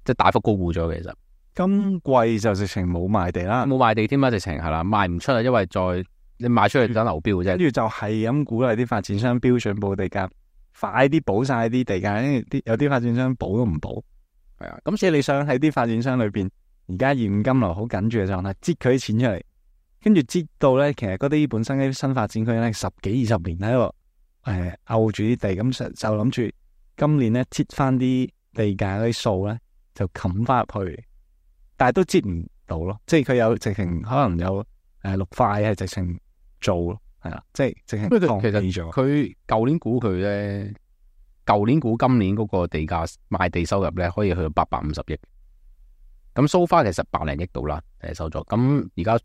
Speaker 1: 即係大幅高估咗，其實。今季就直情冇賣地啦，冇賣地添啦，直情係啦，賣唔出啊，因為再你賣出去就等流標啫。跟住就係咁鼓勵啲發展商標準補地價，
Speaker 2: 快啲補晒啲地價，因為啲有啲發展商補都唔補，係啊。咁所以你想喺啲發展商裏邊，而家現金流好緊住嘅狀態，擠佢啲錢出嚟，跟住擠到咧，其實嗰啲本身啲新發展區咧，十幾二十年喺度勾住啲地，咁、嗯、就就諗住今年咧，擠翻啲地價嗰啲數咧，就冚翻入去。但係都接唔到咯，即係佢有直情可能有，誒、呃、六
Speaker 1: 塊係直情做咯，係啦，即係直情放棄咗。其實佢舊年估佢咧，舊年估今年嗰個地價賣地收入咧，可以去到八百五十億。咁 so far 其實百零億到啦，誒收咗。咁而家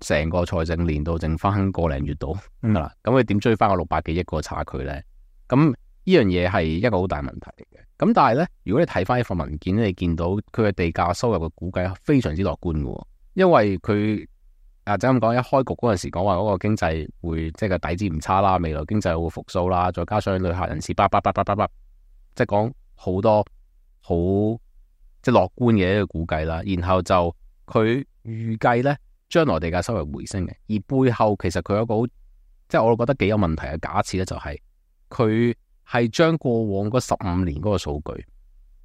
Speaker 1: 成個財政年度剩翻個零月度。咁佢點追翻個六百幾億個差距咧？咁呢樣嘢係一個好大問題嘅，咁但係呢，如果你睇翻呢份文件，你見到佢嘅地價收入嘅估計非常之樂觀嘅，因為佢啊就咁講，一開局嗰陣時講話嗰個經濟會即係個底子唔差啦，未來經濟會復蘇啦，再加上旅客人士叭叭叭叭叭叭，即係講好多好即係樂觀嘅一個估計啦，然後就佢預計呢，將來地價收入回升嘅，而背後其實佢有一個即係我覺得幾有問題嘅假設呢，就係佢。係將過往嗰十五年嗰個數據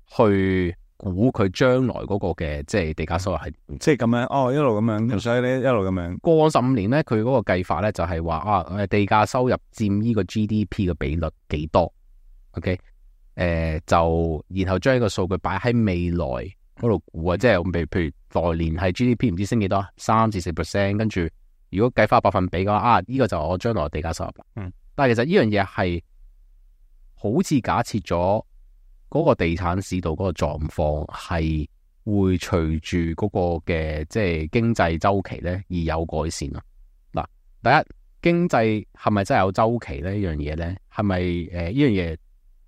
Speaker 1: 去估佢將來嗰個嘅即係地價收入係，即係咁樣哦，一路咁樣，所以咧一路咁樣。過往十五年咧，佢嗰個計法咧就係話啊，誒地價收入佔呢個 GDP 嘅比率幾多？OK，誒、呃、就然後將呢個數據擺喺未來嗰度估啊，即係譬譬如來年係 GDP 唔知升幾多，三至四 percent，跟住如果計翻百分比嘅話，啊呢、這個就係我將來地價收入。嗯，但係其實呢樣嘢係。好似假設咗嗰個地產市道嗰個狀況係會隨住嗰個嘅即係經濟周期咧而有改善咯。嗱，第一經濟係咪真係有周期咧？呢樣嘢咧，係咪、呃、呢樣嘢咧係咪誒？呢樣嘢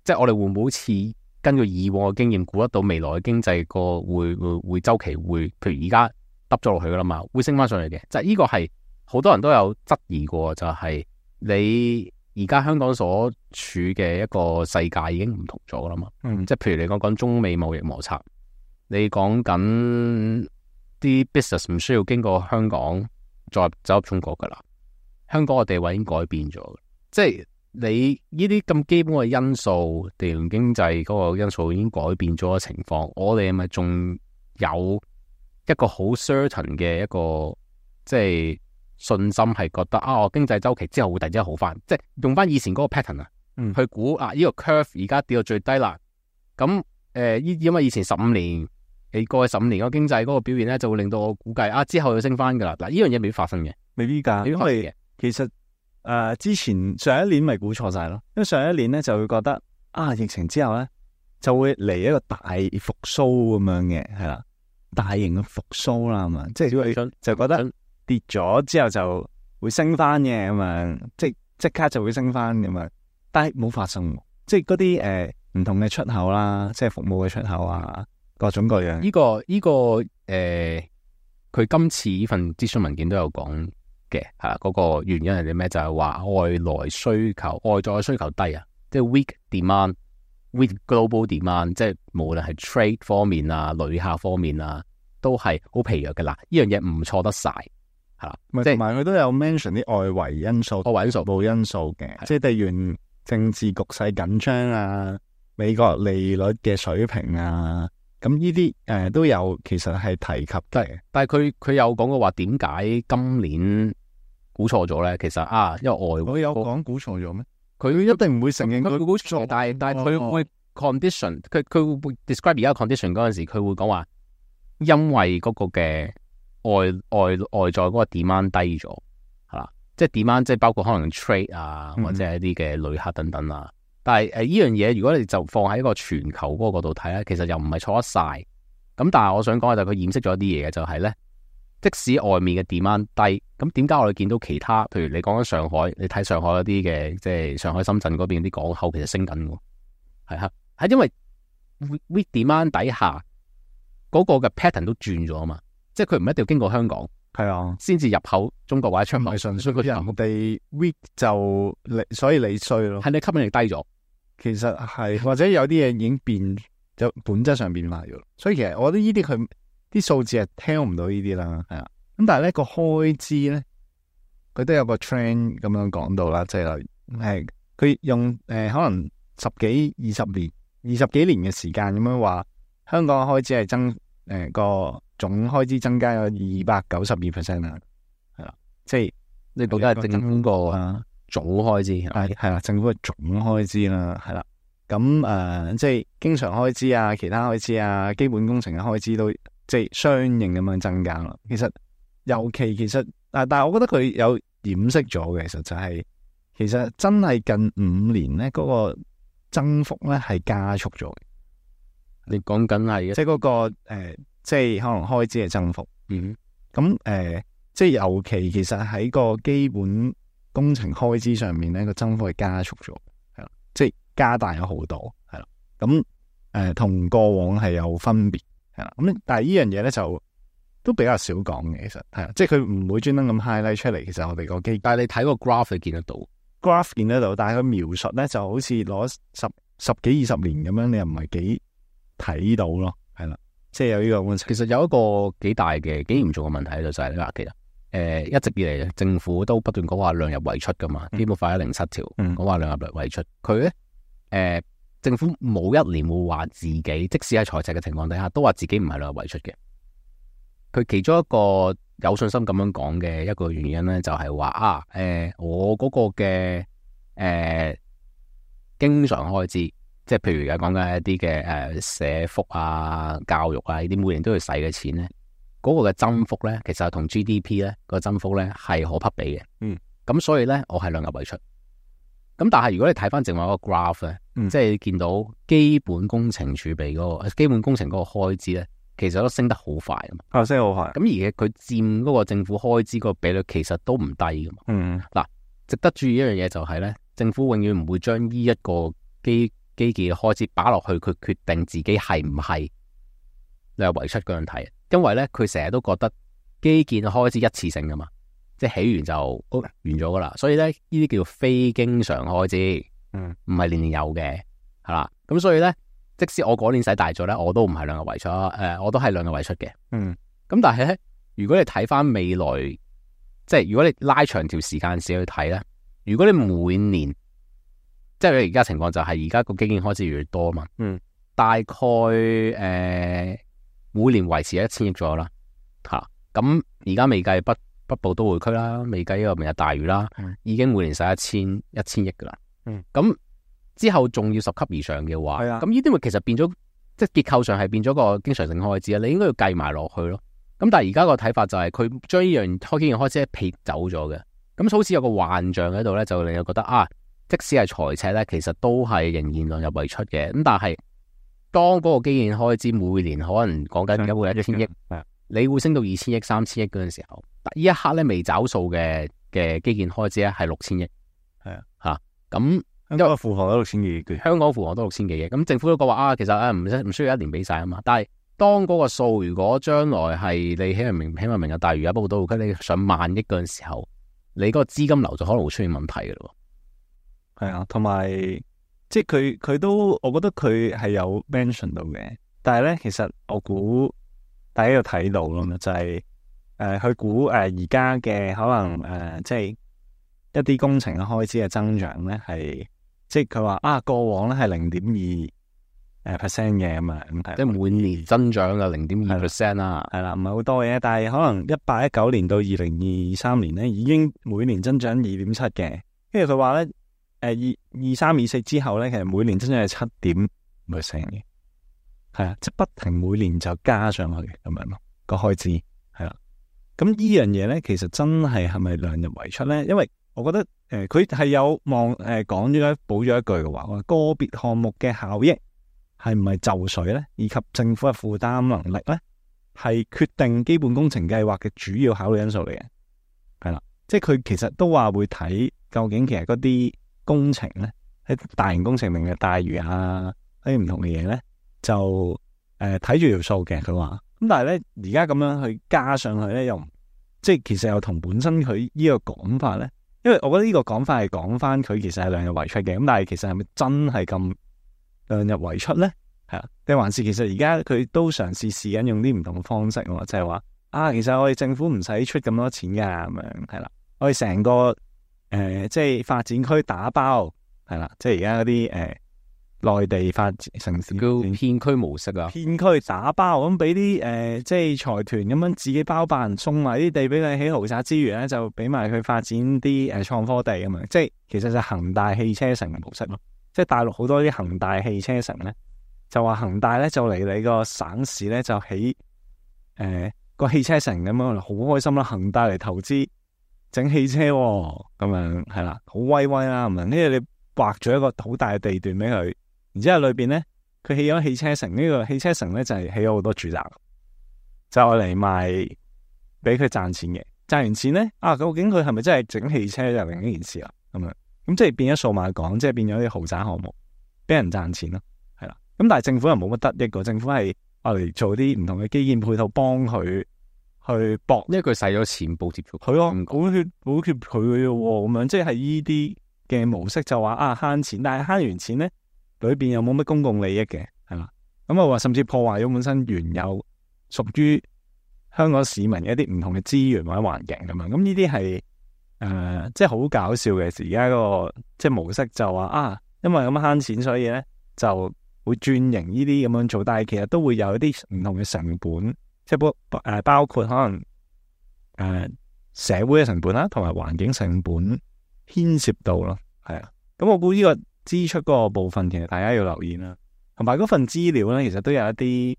Speaker 1: 即係我哋會唔會好似根據以往嘅經驗估得到未來嘅經濟個會會會周期會譬如，而家耷咗落去噶啦嘛，會升翻上嚟嘅？就係、是、呢個係好多人都有質疑過，就係、是、你。而家香港所處嘅一個世界已經唔同咗啦嘛，嗯、即係譬如你講講中美貿易摩擦，你講緊啲 business 唔需要經過香港再走，走入中國噶啦，香港嘅地位已經改變咗，即係你呢啲咁基本嘅因素、地緣經濟嗰個因素已經改變咗嘅情況，我哋係咪仲有一個好 certain 嘅一個即係。信心係覺得啊，我經濟周期之後會突然之間好翻即係用翻以前嗰個 pattern、嗯、啊，去估啊，呢個 curve 而家跌到最低啦。咁、啊、誒，依因為以前十五年，你過去十五年個經濟嗰個表現咧，就會令到我估計啊，之後要升翻噶啦。嗱，呢樣嘢未必發生嘅，未必
Speaker 2: 噶，必因為其實誒、呃，之前上一年咪估錯晒咯。因為上一年咧就會覺得啊，疫情之後咧就會嚟一個大復蘇咁樣嘅，係啦，大型嘅復蘇啦，係嘛，即係就覺得。跌咗之後就會升翻嘅，咁樣即即刻就會升翻咁啊！但係冇發生，即
Speaker 1: 係嗰啲誒唔同嘅出口啦，即係服務嘅出口啊，各種各樣、呢個。呢、呢個呢個誒，佢、呃、今次呢份諮詢文件都有講嘅，吓嗰、嗰個原因係啲咩？就係、係、話外來需求、外在需求低啊，即係 weak demand, weak global demand，即係無論係 trade 方面啊、旅客方面啊，都係好疲弱㗎喇。嗱，呢樣嘢唔錯得晒。係啦，咪同埋佢都
Speaker 2: 有 mention 啲外圍因素、外部因素嘅，素的即係地緣政治局勢緊張啊，美國利率嘅水平啊，咁呢啲誒都
Speaker 1: 有，其實係提及得嘅。但係佢佢有講過話，點解今年估錯咗咧？其實啊，因為外佢有講估錯咗咩？佢一定唔會承認佢估錯，但係但係佢會，condition、啊啊、會 condition，佢佢會 describe 而家 condition 嗰陣時，佢會講話因為嗰個嘅、那。個外外外在嗰個 demand 低咗，係啦，就是、and，即係 demand，即係包括可能 trade 啊，或者一啲嘅旅客等等啊。嗯、但係誒呢樣嘢，如果你就放喺一個全球嗰個角度睇咧，其實又唔係錯得晒。咁但係我想講嘅就係佢掩飾咗一啲嘢嘅，就係、是、咧，即使外面嘅 demand 低，咁點解我哋見到其他，譬如你講緊上海，你睇上海一啲嘅，即係上海深圳嗰邊啲港口其實升緊，係啊，係因為 weak demand 底下嗰、那個嘅 pattern 都轉咗啊嘛。即係佢唔一定要經過香港，係啊，先至入口中國或者出口，所以嗰啲人我哋 weak 就，所以你衰咯。係你吸引力低咗，
Speaker 2: 其實係或者有啲嘢已經變，就本質上變化咗。啊、所以其實我覺得呢啲佢啲數字係聽唔到呢啲啦，係啊。咁但係咧個開支咧，佢都有個 train 咁樣講到啦，即係誒，佢用誒、呃、可能十幾二十年、二十幾年嘅時間咁樣話，香港嘅開支係增誒、呃、個。總開支增加咗二百九十二 percent 啦，係啦，即係你大家係政府啊，總開支係係啦，政府嘅總開支啦，係啦，咁、呃、誒，即係經常開支啊，其他開支啊，基本工程嘅開支都即係相應咁樣增加啦。其實尤其其實，啊、但係我覺得佢有掩飾咗嘅，其實就係、是、其實真係近五年咧嗰、那個增幅咧係加速咗。你
Speaker 1: 講緊係嘅，即係嗰、那個誒。呃
Speaker 2: 即係可能開支嘅增幅，嗯，哼嗯，咁、誒，即係尤其其實喺個基本工程開支上面咧，個增幅係加速咗，係啦，即係加大咗好多，係啦，咁、嗯、誒，同、呃、過往係有分別，係啦，咁但係呢樣嘢咧就都比較少講嘅，其實係啦，即係佢唔會專登咁 highlight 出嚟，其實我哋個機，但係你睇個 graph 你見得到，graph 見得到， 但係佢描述咧就好似攞十十幾二十年咁樣，你又唔係幾睇到咯，
Speaker 1: 係啦。即係有呢個問題，其實有一個幾大嘅、幾嚴重嘅問題就係你話，其實誒、呃、一直以嚟政府都不斷講話量入為出噶嘛，嗯、基本法一零七條，講話、嗯、量入為出，佢咧誒政府冇一年會話自己，即使喺財政嘅情況底下，都話自己唔係量入為出嘅。佢其中一個有信心咁樣講嘅一個原因咧，就係話啊，誒、呃、我嗰個嘅誒、呃、經常開支。即係譬如而家講緊一啲嘅誒社福啊、教育啊呢啲，每年都要使嘅錢咧，嗰、那個嘅增幅咧，其實同 GDP 咧，個增幅咧係可匹比嘅。嗯，咁所以咧，我係量入為出。咁但係如果你睇翻另外一個 graph 咧，嗯、即係見到基本工程儲備嗰、那個基本工程嗰個開支咧，其實都升得好快嘛啊，升得好快。咁而佢佔嗰個政府開支嗰個比率，其實都唔低噶。嗯，嗱，值得注意一樣嘢就係咧，政府永遠唔會將呢一個基。基建開支擺落去，佢決定自己係唔係量入為出嗰樣睇，因為咧佢成日都覺得基建開支一次性噶嘛，即係起完就完咗噶啦，所以咧呢啲叫非經常開支，嗯，唔係年年有嘅，係啦，咁所以咧，即使我嗰年使大咗咧，我都唔係量入為出，誒、呃，我都係量入為出嘅，嗯，咁但係咧，如果你睇翻未來，即係如果你拉長條時間線去睇咧，如果你每年。即係而家情況就係而家個基建開支越嚟越多啊嘛，嗯，大概誒、呃、每年維持一千億左右啦，吓咁而家未計北北部都會區啦，未計呢個明日大嶼啦，嗯、已經每年使一千一千億噶啦，嗯，咁之後仲要十級以上嘅話，係啊、嗯，咁呢啲咪其實變咗即係結構上係變咗個經常性開支啊，你應該要計埋落去咯，咁但係而家個睇法就係佢將呢樣開基建開支撇走咗嘅，咁好似有個幻象喺度咧，就令我覺得啊。啊即使係財赤咧，其實都係仍然量入為出嘅。咁但係當嗰個基建開支每年可能講緊點解會一千億，的你會升到二千億、三千億嗰陣時候，呢一刻咧未找數嘅嘅基建開支咧係六千億係的啊吓咁。為香港庫房都六千幾億，香港庫房都六千幾億。咁政府都講話啊，其實啊唔需唔需,需要一年俾晒啊嘛。但係當嗰個數如果將來係你起明起明日大嶼啊，不過都佢呢上萬億嗰陣時候，你嗰個資金流就可能會出現問題嘅係啊，同埋即係佢
Speaker 2: 佢都，我覺得佢係有 mention 到嘅。但係咧，其實我估大家又睇到咯，就係、是、誒，佢、呃、估誒而家嘅可能誒、呃，即係一啲工程嘅開支嘅增長咧，係即係佢話啊，過往咧係零點二誒 percent 嘅咁啊，即係每年增長嘅零點二 percent 啦，係、啊、啦，唔係好多嘢。但係可能一八一九年到二零二三年咧，已經每年增長二點七嘅。跟住佢話咧。誒，二三二三二四之後咧，其實每年真正係七點 percent 嘅，係啊，即係不停每年就加上去咁、啊、樣咯，個開支係啦。咁呢樣嘢咧，其實真係係咪量入為出咧？因為我覺得誒，佢、呃、係有望誒講咗一補咗一句嘅話，話個別項目嘅效益係唔係就緒咧，以及政府嘅負擔能力咧，係決定基本工程計劃嘅主要考慮因素嚟嘅。係啦、啊，即係佢其實都話會睇究竟其實嗰啲。工程咧，喺大型工程明日大嶼、啊呃，但係如啊啲唔同嘅嘢咧，就誒睇住條數嘅。佢話咁，但係咧而家咁樣去加上去咧，又即係其實又同本身佢呢個講法咧，因為我覺得呢個講法係講翻佢其實係量入為出嘅。咁但係其實係咪真係咁量入為出咧？係啊，定還是其實而家佢都嘗試試緊用啲唔同嘅方式、啊，即係話啊，其實我哋政府唔使出咁多錢噶，咁樣係啦，我哋成個。誒、呃，即係發展區打包係啦，即係而家嗰啲誒
Speaker 1: 內地發展城市嗰片區模式啊，
Speaker 2: 片區打包咁俾啲誒，即係財團咁樣自己包辦送埋啲地俾佢起豪宅之餘咧，就俾埋佢發展啲誒創科地咁樣，即係其實就恒大汽車城模式咯。嗯、即係大陸好多啲恒大汽車城咧，就話恒大咧就嚟你個省市咧就起誒、呃、個汽車城咁樣，好開心啦！恒大嚟投資。整汽車咁、哦、樣係啦，好威威啦、啊，係咪？因為你畫咗一個好大嘅地段俾佢，然之後裏邊咧，佢起咗汽車城，呢個汽車城咧就係起咗好多住宅，就嚟賣俾佢賺錢嘅。賺完錢咧，啊，究竟佢係咪真係整汽車就另一件事啦？咁樣咁即係變咗數碼港，即係變咗啲豪宅項目，俾人賺錢咯，係啦。咁但係政府又冇乜得益個，政府係啊嚟做啲唔同嘅基建配套幫佢。去，搏因為佢使咗錢補貼咗，係咯，補貼補貼佢嘅喎，咁樣即係呢啲嘅模式就話啊慳錢，但係慳完錢咧，裏邊又冇乜公共利益嘅，係嘛，咁啊話甚至破壞咗本身原有屬於香港市民嘅一啲唔同嘅資源或者環境咁啊，咁呢啲係誒即係好搞笑嘅事，而家個即係模式就話啊，因為咁慳錢，所以咧就會轉型呢啲咁樣做，但係其實都會有一啲唔同嘅成本。即係包誒，包括可能誒、呃、社會嘅成本啦，同埋環境成本牽涉到咯，係啊。咁我估呢個支出嗰個部分，其實大家要留意啦。同埋嗰份資料咧，其實都有一啲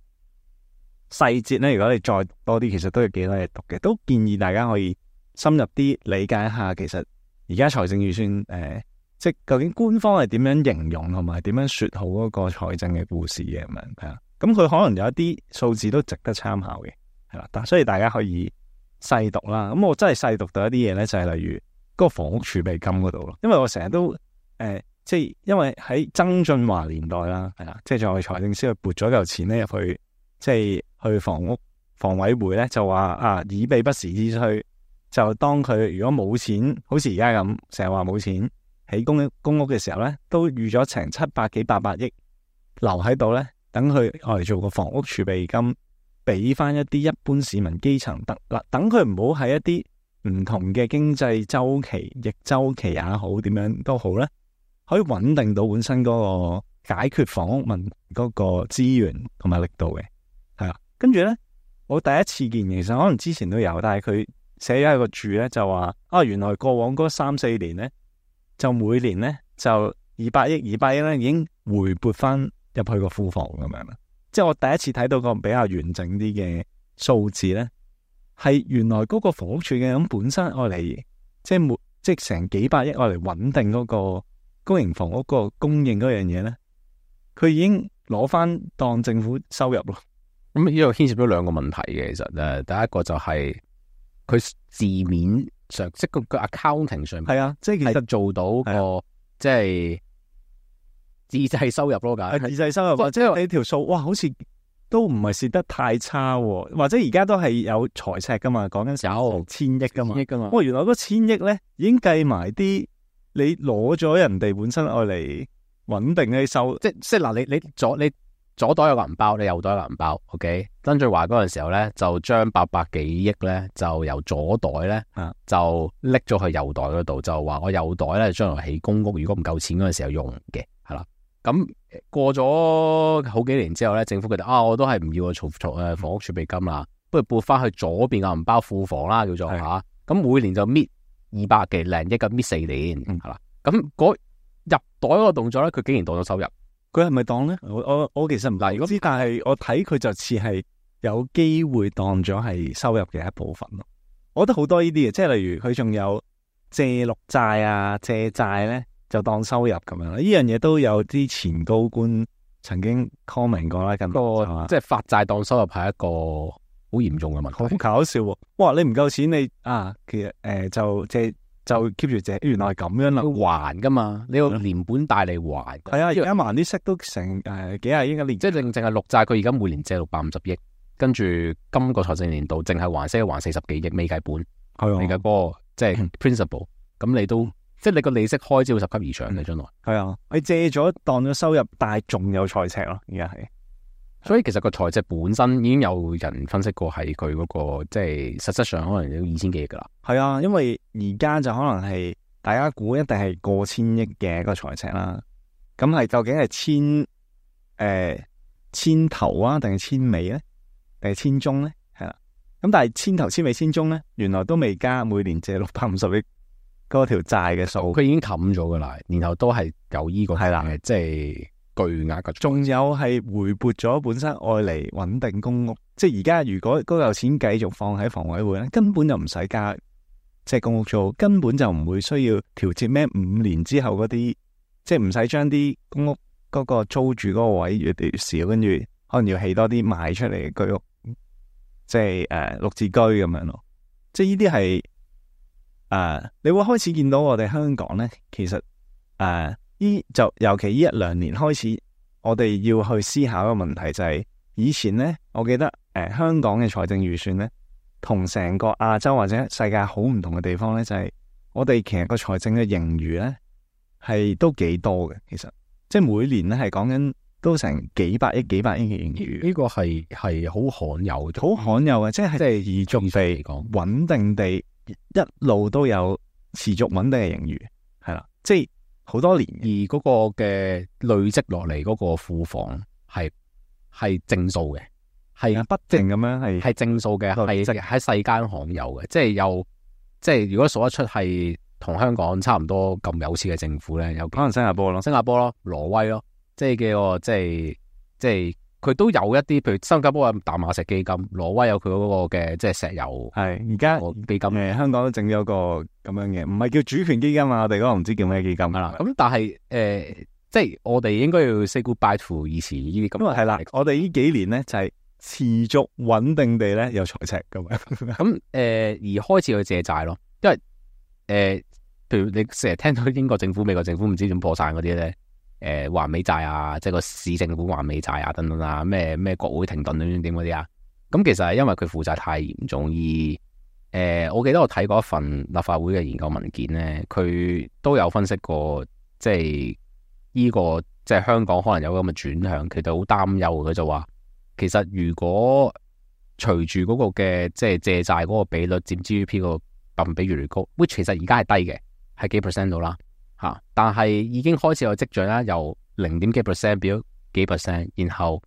Speaker 2: 細節咧。如果你再多啲，其實都要幾多嘢讀嘅。都建議大家可以深入啲理解一下，其實而家財政預算誒、呃，即係究竟官方係點樣形容，同埋點樣說好嗰個財政嘅故事嘅咁樣啊？咁佢可能有一啲數字都值得參考嘅，係啦，但所以大家可以細讀啦。咁我真係細讀到一啲嘢咧，就係、是、例如嗰個房屋儲備金嗰度咯。因為我成日都誒、呃，即係因為喺曾俊華年代啦，係啦，即係仲有財政司去撥咗嚿錢咧入去，即係去房屋房委會咧就話啊，以備不時之需，就當佢如果冇錢，好似而家咁成日話冇錢起公公屋嘅時候咧，都預咗成七百幾八百億留喺度咧。等佢嚟做個房屋儲備金，俾翻一啲一般市民基層，等嗱，等佢唔好喺一啲唔同嘅經濟周期、逆周期也好，點樣都好咧，可以穩定到本身嗰個解決房屋問嗰個資源同埋力度嘅，係啊。跟住咧，我第一次見，其實可能之前都有，但係佢寫咗喺個註咧，就話啊，原來過往嗰三四年咧，就每年咧就二百億、二百億咧，已經回撥翻。入去個庫房咁樣啦，即係我第一次睇到個比較完整啲嘅數字咧，係原來嗰個房屋處嘅咁本身愛嚟，即係冇即係成幾百億愛嚟穩定嗰個公營房屋個供應嗰樣嘢咧，
Speaker 1: 佢已經攞返當政府收入咯。咁呢度牽涉咗兩個問題嘅，其實誒，第一個就係佢字面上即係個，個 accounting 上面係啊，即係其實做到個、啊、即係。自
Speaker 2: 制收入咯，梗係是自制收入，或，是或者你條數哇，好似都唔係蝕得太差、啊，或者而家都係有財赤噶嘛？講緊時候千億噶嘛？喂、哦，原來嗰千億咧，已經計埋啲你攞咗人哋本身愛嚟穩定嘅收，
Speaker 1: 即即嗱，你你，你左你左袋有銀包，你右袋有銀包，OK？曾俊華嗰陣時候咧，就將八百幾億咧，就由左袋咧就拎咗去右袋嗰度，就話我右袋咧將來起公屋，如果唔夠錢嗰陣時候用嘅。咁過咗好幾年之後咧，政府佢哋啊，我都係唔要啊儲儲誒房屋儲備金啦，不如撥翻去左邊嘅銀包庫房啦，叫做吓。咁的、啊、每年就搣二百幾零億咁搣四年，係啦。咁嗰、嗯、入袋個動作咧，佢竟然當咗收入，
Speaker 2: 佢係咪當咧？我我我其實唔大知，但係我睇佢就似係有機會當咗係收入嘅一部分咯。我覺得好多呢啲嘢，即係例如佢仲有借綠債啊，借債咧。就當收入咁樣啦，呢樣嘢都有啲前高官曾經 comment 過啦，咁多即係發債當收入係一個好嚴重嘅問題。好搞笑喎、啊！哇，你唔夠錢你啊，其實誒、呃、就借就，
Speaker 1: 就 keep 住借，原來係咁樣啦、啊，還㗎嘛？你要連本帶利還。係啊、嗯，而家還啲息都成誒、呃、幾廿億年，即係淨淨係綠債，佢而家每年借六百五十億，跟住今個財政年度淨係還息還四十幾億，未計本，未計嗰個即係 principal，咁你都。即係你個利息開支十級以上嘅將來，係、嗯、啊，你借咗當咗收入，但係仲有財赤咯，而家係。所以其實個財赤本身已經有人分析過、那個，係佢嗰個即係實質上可能有二千幾億噶啦。係啊，因為而家就
Speaker 2: 可能係大家估一定係過千億嘅一個財赤啦。咁係究竟係千誒、呃、千頭啊，定係千尾咧，定係千中咧？係啦、啊。咁但係千頭、千尾、千中咧，原來都未加，每年借六百五十億。嗰條債嘅數，佢已經冚咗㗎喇，然後都係有依個係啦，的即係巨額嘅。仲有係回撥咗本身愛嚟穩定公屋，即係而家如果嗰嚿錢繼續放喺房委會咧，根本就唔使加即係、就是、公屋租，根本就唔會需要調節咩五年之後嗰啲，即係唔使將啲公屋嗰個租住嗰個位越嚟越少，跟住可能要起多啲賣出嚟嘅居屋，即係誒、呃、綠置居咁樣咯。即係呢啲係。誒、啊，你會開始見到我哋香港咧，其實誒，依、啊、就尤其依一兩年開始，我哋要去思考一個問題就係、是，以前咧，我記得誒、呃，香港嘅財政預算咧，同成個亞洲或者世界好唔同嘅地方咧，就係、是、我哋其實個財政嘅盈餘咧，係都幾多嘅，其實即係每年咧係講緊都成幾百億、幾百億嘅盈餘，呢、這個係係好罕有，好罕有嘅，即係即係而中地嚟講，穩定地。一路都有持續穩定嘅盈餘，係啦，即係好多年。而嗰個嘅累積落
Speaker 1: 嚟嗰個庫房係係正數嘅，係不正咁樣係係正數嘅，係實喺世間罕有嘅，即係有即係如果數得出係同香港差唔多咁有錢嘅政府咧，有可能新加坡咯，新加坡咯，挪威咯，即係嘅個即係即係。佢都有一啲，譬如新加坡嘅淡馬錫基金，挪威有佢嗰個嘅即係石油。係而家基金，嘅、嗯、香港都整咗個咁樣嘅，
Speaker 2: 唔係叫主權基金啊，我哋嗰個唔知叫咩基金噶啦。咁、嗯嗯、但係誒、呃，即係我哋應該要
Speaker 1: say goodbye 乎以前呢啲咁。係啦，我哋呢幾年咧就係、是、持續穩定地咧有財赤咁樣。咁、嗯、誒、 嗯呃、而開始去借債咯，因為誒、呃，譬如你成日聽到英國政府、美國政府唔知點破產嗰啲咧。誒，還、呃、美債啊，即係個市政股還美債啊，等等啊，咩咩國會停頓等等點啲啊，咁、嗯、其實係因為佢負債太嚴重，而誒、呃，我記得我睇過一份立法會嘅研究文件咧，佢都有分析過，即係呢、這個即係香港可能有咁嘅轉向，其實好擔憂，佢就話，其實如果隨住嗰個嘅即係借債嗰個比率，占 GDP 個百分比越嚟越高，which 其實而家係低嘅，係幾 percent 到啦。吓，但係已經開始有跡象啦，由零點幾 percent 變咗幾 percent，然後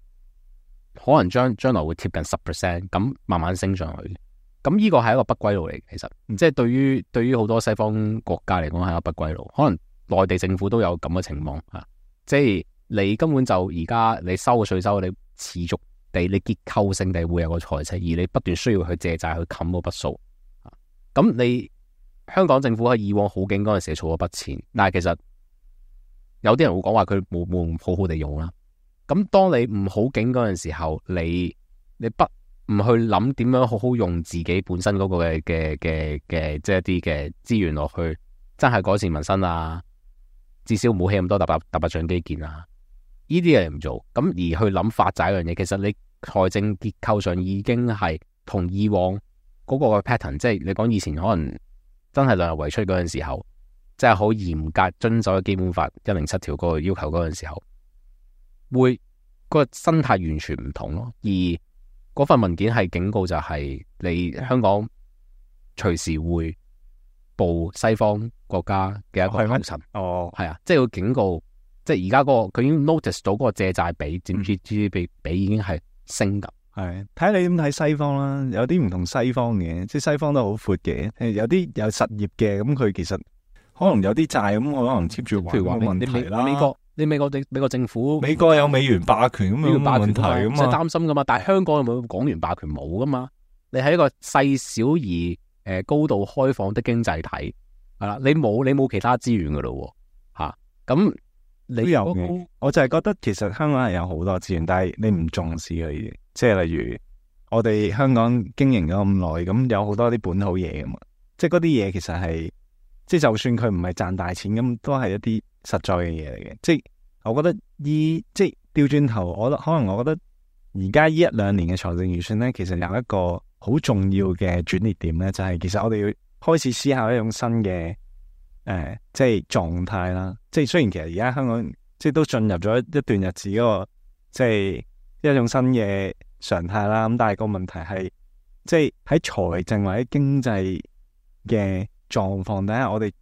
Speaker 1: 可能將將來會貼近十 percent，咁慢慢升上去。咁、嗯、呢、這個係一個不歸路嚟，其實即係對於對於好多西方國家嚟講係一個不歸路，可能內地政府都有咁嘅情況吓，啊，即係你根本就而家你收嘅稅收，你持續地你結構性地會有個財赤，而你不斷需要去借債去冚嗰筆數。吓、啊、咁、嗯、你。香港政府喺以往好景嗰陣時儲咗筆錢，但係其實有啲人會講話佢冇冇好好地用啦、啊。咁當你唔好景嗰陣時候，你你不唔去諗點樣好好用自己本身嗰個嘅嘅嘅嘅，即係一啲嘅資源落去，真係改善民生啊！至少冇起咁多大白大白象基建啊！呢啲嘢唔做，咁而去諗發債一樣嘢，其實你財政結構上已經係同以往嗰個 pattern，即係你講以前可能。真係量入為出嗰陣時候，即係好嚴格遵守《基本法》一零七條嗰個要求嗰陣時候，會、嗰個心態完全唔同咯。而嗰份文件係警告，就係你香港隨時會步西方國家嘅一個後塵。哦，係、oh. 啊，即係個警告，即係而家嗰個佢已經 notice 到嗰個借債比，占知點知、mm. 比,比已經係升緊。係睇你點睇西方
Speaker 2: 啦、啊，有啲唔同西方嘅，即係西方都好闊嘅，誒有啲有實業嘅，咁佢其實
Speaker 1: 可能有啲債咁，我可能接住譬、嗯、如話你美美國，你美國美國政府，美國有美元
Speaker 2: 霸權咁樣、霸權咁樣問題、啊，即係擔
Speaker 1: 心噶嘛？但係香港有冇港元霸權冇噶嘛？你喺一個細小，小而誒高度開放的經濟體，係啦，你冇你冇其他資源噶咯，吓、啊、咁。嗯理由嘅，我，我就係覺得
Speaker 2: 其實香港人有好多資源，但係你唔重視佢，即係例如我哋香港經營咗咁耐，咁有好多啲本土嘢噶嘛，即係嗰啲嘢其實係，即係就算佢唔係賺大錢，咁都係一啲實在嘅嘢嚟嘅。即係我覺得依即係調轉頭，我可能我覺得而家呢一兩年嘅財政預算咧,其實有一個好重要嘅轉捩點咧，就係、是，其實我哋要開始思考一種新嘅。誒、嗯，即係狀態啦，即係雖然其實而家香港即係都進入咗一段日子嗰、嗰個即係一種新嘅常態啦，咁但係個問題係，即係喺財政或者經濟嘅狀況底下，我哋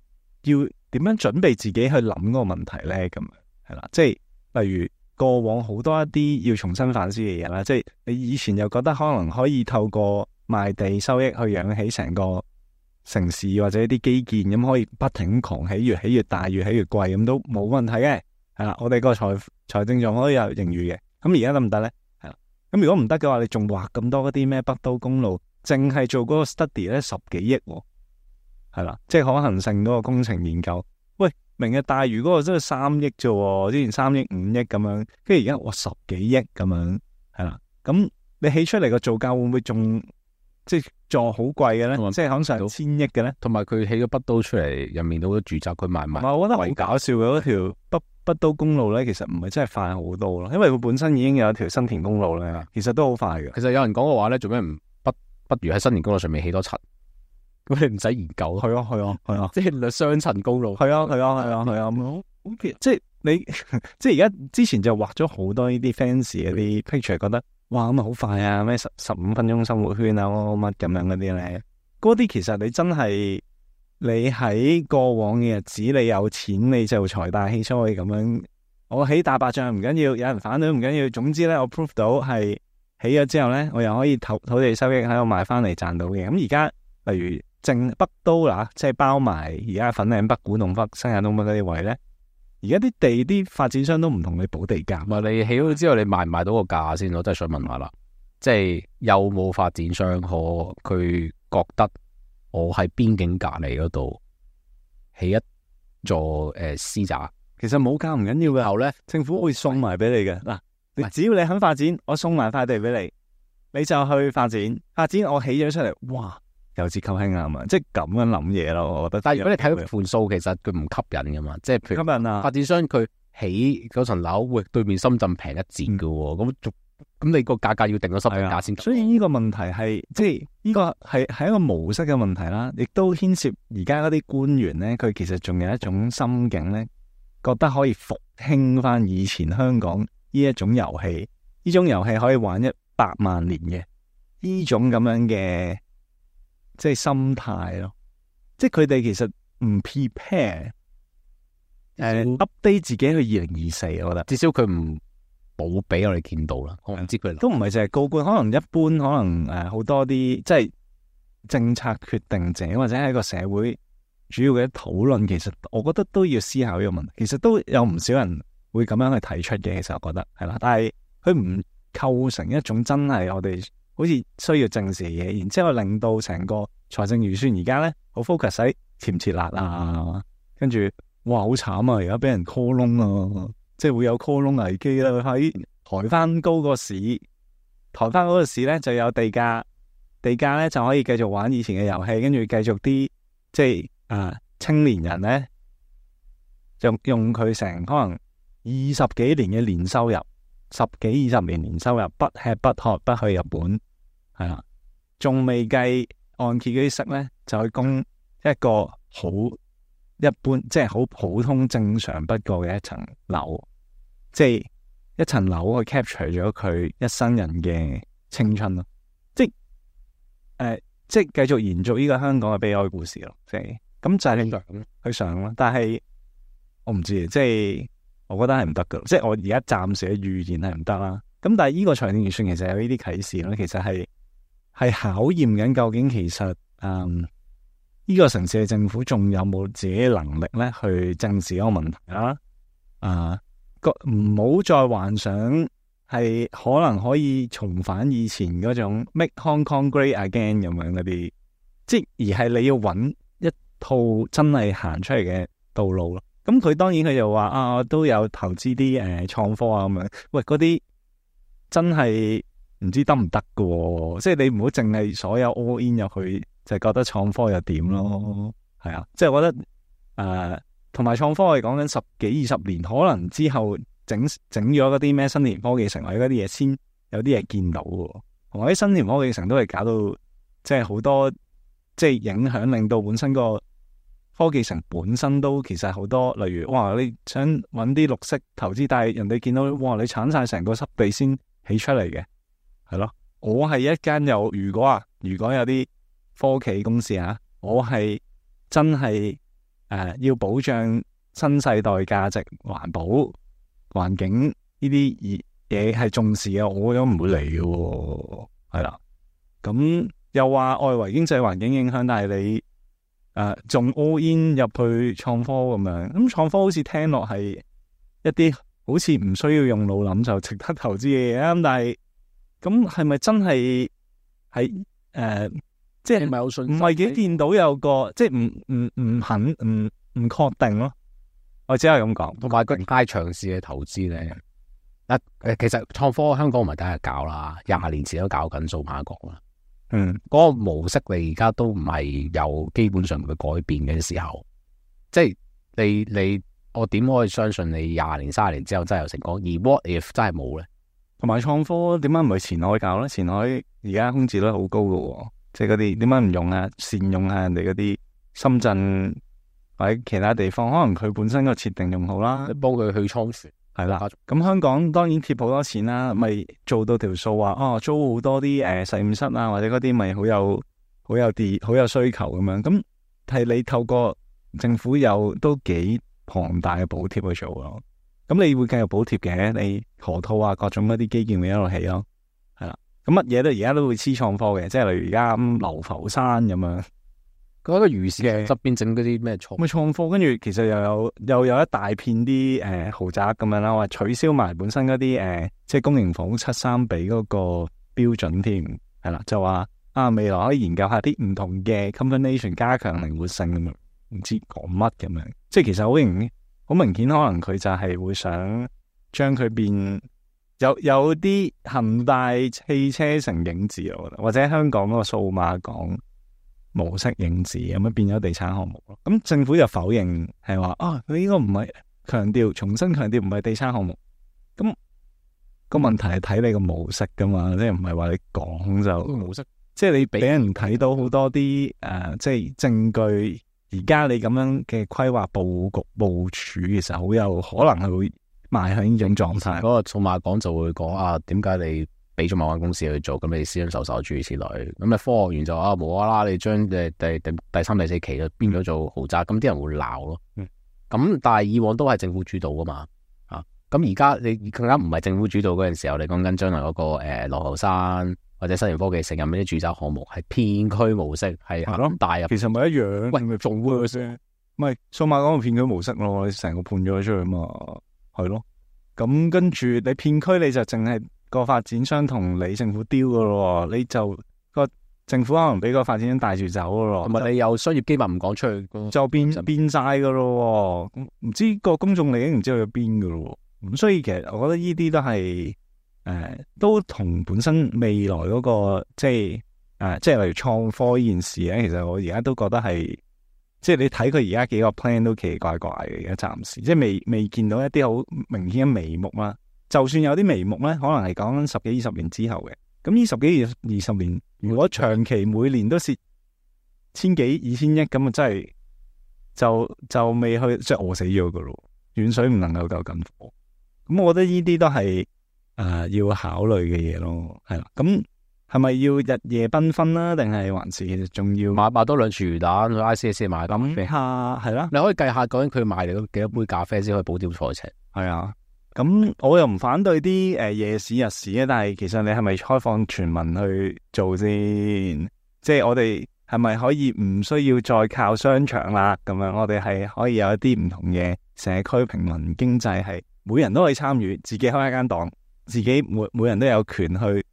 Speaker 2: 要點樣準備自己去諗嗰個問題咧？咁樣係啦，即係例如過往好多一啲要重新反思嘅嘢啦，即係你以前又覺得可能可以透過賣地收益去養起成個。城市或者啲基建咁可以不停狂起，起越起越大，越起越貴咁都冇問題嘅。係啦，我哋個財財政仲可以有盈餘嘅。咁而家得唔得咧？係啦，咁如果唔得嘅話，你仲劃咁多嗰啲咩北都公路，淨係做嗰個 study 咧十幾億、哦，係啦，即係可行性嗰個工程研究。喂，明日大嶼嗰個真係三億啫、哦，之前三億五億咁樣，跟住而家哇十幾億咁樣，係啦，咁你起出嚟個造價會唔會仲？即係做好貴嘅咧，即係可能成千億嘅咧。同埋佢起咗北都出嚟，入面都好多住宅佢賣埋。唔係，我覺得好搞笑嘅嗰條北北都公路咧，其實唔係真係快好多咯。因為佢本身已經有一條新田公路咧，其實都好快嘅。其實有人講嘅話咧，做咩唔不不如喺新田公路上面起多層，咁你唔使研究。去啊，去啊，係啊，即係兩雙層公路。係啊，係啊，係啊，係啊，即係你即係而家之前就畫咗好多呢啲 fancy 嘅啲 picture，覺得。哇，咁咪好快啊！咩十十五分鐘生活圈啊，乜咁樣嗰啲咧？嗰啲其實你真係你喺過往嘅日子，你有錢你就財大氣粗，咁樣我起大白象唔緊要，有人反對唔緊要，總之咧我 prove 到係起咗之後咧，我又可以土土地收益喺度賣翻嚟賺到嘅。咁而家例如正北都啦，即係包埋而家
Speaker 1: 粉嶺北古洞北、新界東北嗰啲位咧。而家啲地，啲發展商都唔同你補地價。唔係，嗯、你起咗之後，你賣唔賣到個價先？我真係想問下啦，即係有冇發展商，我佢覺得我喺邊境隔離嗰度起一座誒私宅，呃、其實冇價唔緊要嘅，後咧政府會送
Speaker 2: 埋俾你嘅。嗱你，只要你肯發展，我送埋塊地俾你，你就去發展，發展我起咗出嚟，哇！又折舊輕啊嘛，即係咁樣諗嘢咯，我覺得。但係如果你睇到盤
Speaker 1: 數，其實佢唔吸引噶嘛，即係譬如發展商佢起嗰層樓，會對面深圳平一展噶，咁咁、嗯、你個價格要定咗深圳價先。所以呢個問題係
Speaker 2: 即係呢、呢個係係一個模式嘅問題啦，亦都牽涉而家嗰啲官員咧，佢其實仲有一種心境咧，覺得可以復興翻以前香港呢一種遊戲，呢種遊戲可以玩一百萬年嘅呢種咁樣嘅。即係心態咯，即係佢哋其實唔 prepare，誒 update 自己去二零二四，我覺得至少佢唔冇俾我哋見到啦。我唔知佢都唔係淨係高官，可能一般，可能誒好、啊、多啲即係政策決定者，或者係一個社會主要嘅討論，其實我覺得都要思考呢個問題。其實都有唔少人會咁樣去提出嘅，其實我覺得係啦，但係佢唔構成一種真係我哋。好似需要正視嘢，然之後令到成個財政預算而家咧，好 focus 喺撤唔撤辣啊。跟住哇，好慘啊！而家俾人 call loan 啊，即係會有 call loan 危機啦、啊。喺抬返高個市，抬返高個市咧，就有地價，地價咧就可以繼續玩以前嘅遊戲，跟住繼續啲即係啊，青年人咧就用佢成可能二十幾年嘅年收入，十幾二十年年收入，不吃不喝不去日本。係啦，仲未計按揭嗰啲息咧，就去供一個好一般，即係好普通、正常不過嘅一層樓，即、就、係、是、一層樓去 capture 咗佢一生人嘅青春咯、嗯呃，即係誒，即係繼續延續呢個香港嘅悲哀故事咯，即係咁就係咁去上咯。但係我唔知，即係我覺得係唔得噶，即係我而家暫時嘅預言係唔得啦。咁但係呢個財政預算其實有呢啲啟示咯，其實係。係考驗緊究竟其實誒，呢、嗯，這個城市嘅政府仲有冇自己能力咧去正視嗰個問題啦、啊？啊，唔好再幻想係可能可以重返以前嗰種 Make Hong Kong great again 咁樣嗰啲，即而係你要揾一套真係行出嚟嘅道路咯。咁、嗯、佢當然佢就話啊，都有投資啲誒，創、呃、科啊咁樣，喂嗰啲真係。唔知得唔得嘅，即係你唔好淨係所有 all in 入去，就係、覺得創科又點咯？係、嗯、啊，即係我覺得誒，同埋創科我哋講緊十幾二十年，可能之後整整咗嗰啲咩新田科技城或者嗰啲嘢，先有啲嘢見到嘅。同埋啲新田科技城都係搞到即係好多，即係影響令到本身個科技城本身都其實好多，例如哇，你想搵啲綠色投資，但係人哋見到哇，你鏟晒成個濕地先起出嚟嘅。係咯，我係一間有如果啊，如果有啲科企公司啊，我係真係誒、呃、要保障新世代價值、環保環境呢啲嘢係重視嘅，我都唔會嚟嘅、哦。係啦，咁、嗯嗯、又話外圍經濟環境影響，但係你誒仲、呃、all in 入去創科咁樣，咁、嗯、創科好似聽落係一啲好似唔需要用腦諗就值得投資嘅嘢，咁、嗯、但係。咁係咪真係係誒？即係唔係好信。唔係幾見到有個即係唔唔唔肯唔
Speaker 1: 唔確定咯？我只係咁講，同埋佢太長線嘅投資咧。嗱誒，其實創科香港唔係第一日搞啦，廿年前都搞緊數碼港啦。嗯，嗰個模式你而家都唔係有基本上會改變嘅時候，即係你你我點可以相信你廿年、三十年之後真係有成果？而 what if 真係冇咧？同埋創科點解唔係前海搞咧？前海而家空置率好高
Speaker 2: 噶、哦，即係嗰啲點解唔用啊？善用下、啊、人哋嗰啲深圳或者其他地方，可能佢本身個設定用好啦，幫佢去倉儲係啦。咁的住香港當然貼好多錢啦，咪做到條數話哦，租好多啲誒實驗室啊或者嗰啲咪好有好有啲好有需求咁樣。咁係你透過政府有都幾龐大嘅補貼去做咯。咁、嗯、你會繼續補貼嘅，你河套啊，各種嗰啲基建咪一路起咯，係、哦、啦。咁乜嘢都而家都會黐創科嘅，即係例如而家咁流浮山咁樣，佢喺個魚市嘅側邊整嗰啲咩創？咪創科，跟住其實又有又有一大片啲誒、呃、豪宅咁樣啦，話取消埋本身嗰啲誒即係公營房屋七三比嗰個標準添，係啦，就話啊未來可以研究一下啲唔同嘅 combination 加強靈活性咁樣，唔知講乜咁樣，即係其實好型。嗯好明顯，可能佢就係會想將佢變有有啲恒大汽車城影子啊，我覺得，或者香港嗰個數碼港模式影子，咁樣變咗地產項目咯。咁政府就否認，係話啊佢呢個唔係強調，重新強調唔係地產項目。咁個問題係睇你個模式噶嘛，即係唔係話你講就模式，即係你俾人睇到好多啲誒，即係證據。而家你咁樣嘅
Speaker 1: 規劃布局部署嘅時候，其實好有可能係會賣向呢種狀態。嗰個數碼港就會講啊，點解你俾咗某間公司去做？咁你私人手手諸如此類。咁你科學園就啊，無啦啦你將誒第第第三第四期嘅變咗做豪宅，咁啲人會鬧咯。咁但係以往都係政府主導噶嘛啊？咁而家你更加唔係政府主導嗰陣時候，你講緊將來嗰、那個誒羅浮山。或者新型科技成日咩啲住宅項目係片區模式，係咁大入，其
Speaker 2: 實咪一樣，喂，咪仲嗰個先，唔係數碼港個片區模式咯，你成個判咗出去嘛，係咯，咁跟住，你片區你就淨係個發展商同你政府丟噶咯，你就個政府可能俾個發展商帶住走噶咯，同埋你有商業機密唔講出去，就，就變變晒噶咯，唔、嗯、知個公眾利益唔知去咗邊噶咯，咁所以其實我覺得呢啲都係。誒、呃，都同本身未來嗰、那個即係誒，即係、呃、例如創科呢件事咧，其實我而家都覺得係，即係你睇佢而家幾個 plan 都奇奇怪怪嘅，而家暫時即係未未見到一啲好明顯嘅眉目啦。就算有啲眉目咧，可能係講緊十幾二十年之後嘅。咁呢十幾二十年，如果長期每年都蝕千幾二千億，咁啊真係就就,就未去即係餓死咗噶咯。遠水唔能夠救近火，咁我覺得呢啲都係。啊，要考慮嘅嘢咯，係啦，咁係咪要日夜繽紛
Speaker 1: 啦？定係還是其實仲要買買多兩串魚蛋拉 I C A C 買咖天啡啊，啊？係啦，你可以計下講緊佢買嚟幾多杯咖啡先可以補貼坐車？係啊，咁我又唔反
Speaker 2: 對啲誒夜市日市咧，但係其實你係咪開放全民去做先？即係我哋係咪可以唔需要再靠商場啦？咁樣我哋係可以有一啲唔同嘅社區平民經濟，係每人都可以參與，自己開一間檔。自己每每人都有權去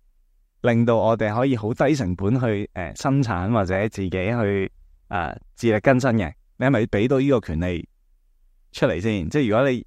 Speaker 2: 令到我哋可以好低成本去誒、呃、生產或者自己去誒、呃、自力更生嘅，你係咪俾到呢個權利出嚟先？即係如果你誒、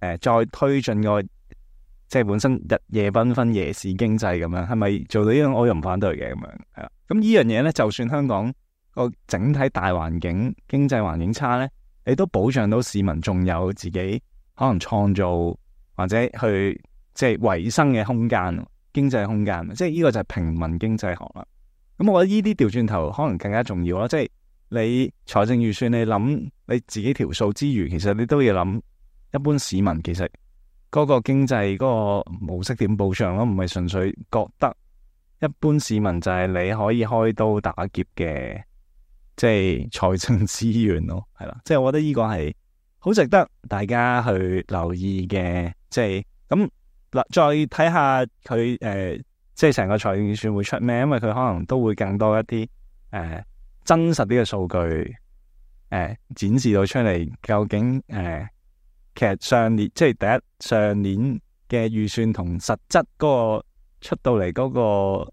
Speaker 2: 呃、再推進個即係本身日夜繽紛夜市經濟咁樣，係咪做到呢樣我又唔反對嘅咁樣？係啊，咁呢樣嘢咧，就算香港個整體大環境經濟環境差咧，你都保障到市民仲有自己可能創造或者去。即係維生嘅空間，經濟空間，即係呢個就係平民經濟學啦。咁我覺得呢啲調轉頭可能更加重要咯。即係你財政預算，你諗你自己條數之餘，其實你都要諗一般市民其實嗰個經濟嗰個模式點補償咯，唔係純粹覺得一般市民就係你可以開刀打劫嘅，即係財政資源咯，係啦。即係我覺得呢個係好值得大家去留意嘅，即係咁。嗱，再睇下佢誒、呃，即係成個財政預算會出咩？因為佢可能都會更多一啲誒、呃、真實啲嘅數據誒、呃、展示到出嚟，究竟誒、呃、其實上年即係第一上年嘅預算同實質嗰、嗰個出到嚟嗰個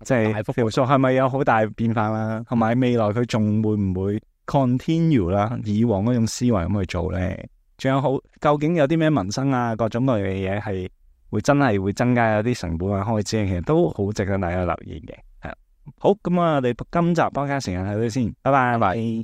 Speaker 2: 即係條數係咪有好大變化啦？同埋未來佢仲會唔會 continue 啦？以往嗰種思維咁去做咧？仲有好，究竟有啲咩民生啊、各種類嘅嘢係？會真係會增加一啲成本啊、開支，其實都好值得大家留意嘅。係好，咁啊，我哋今集閒置中就喺度先，拜，拜。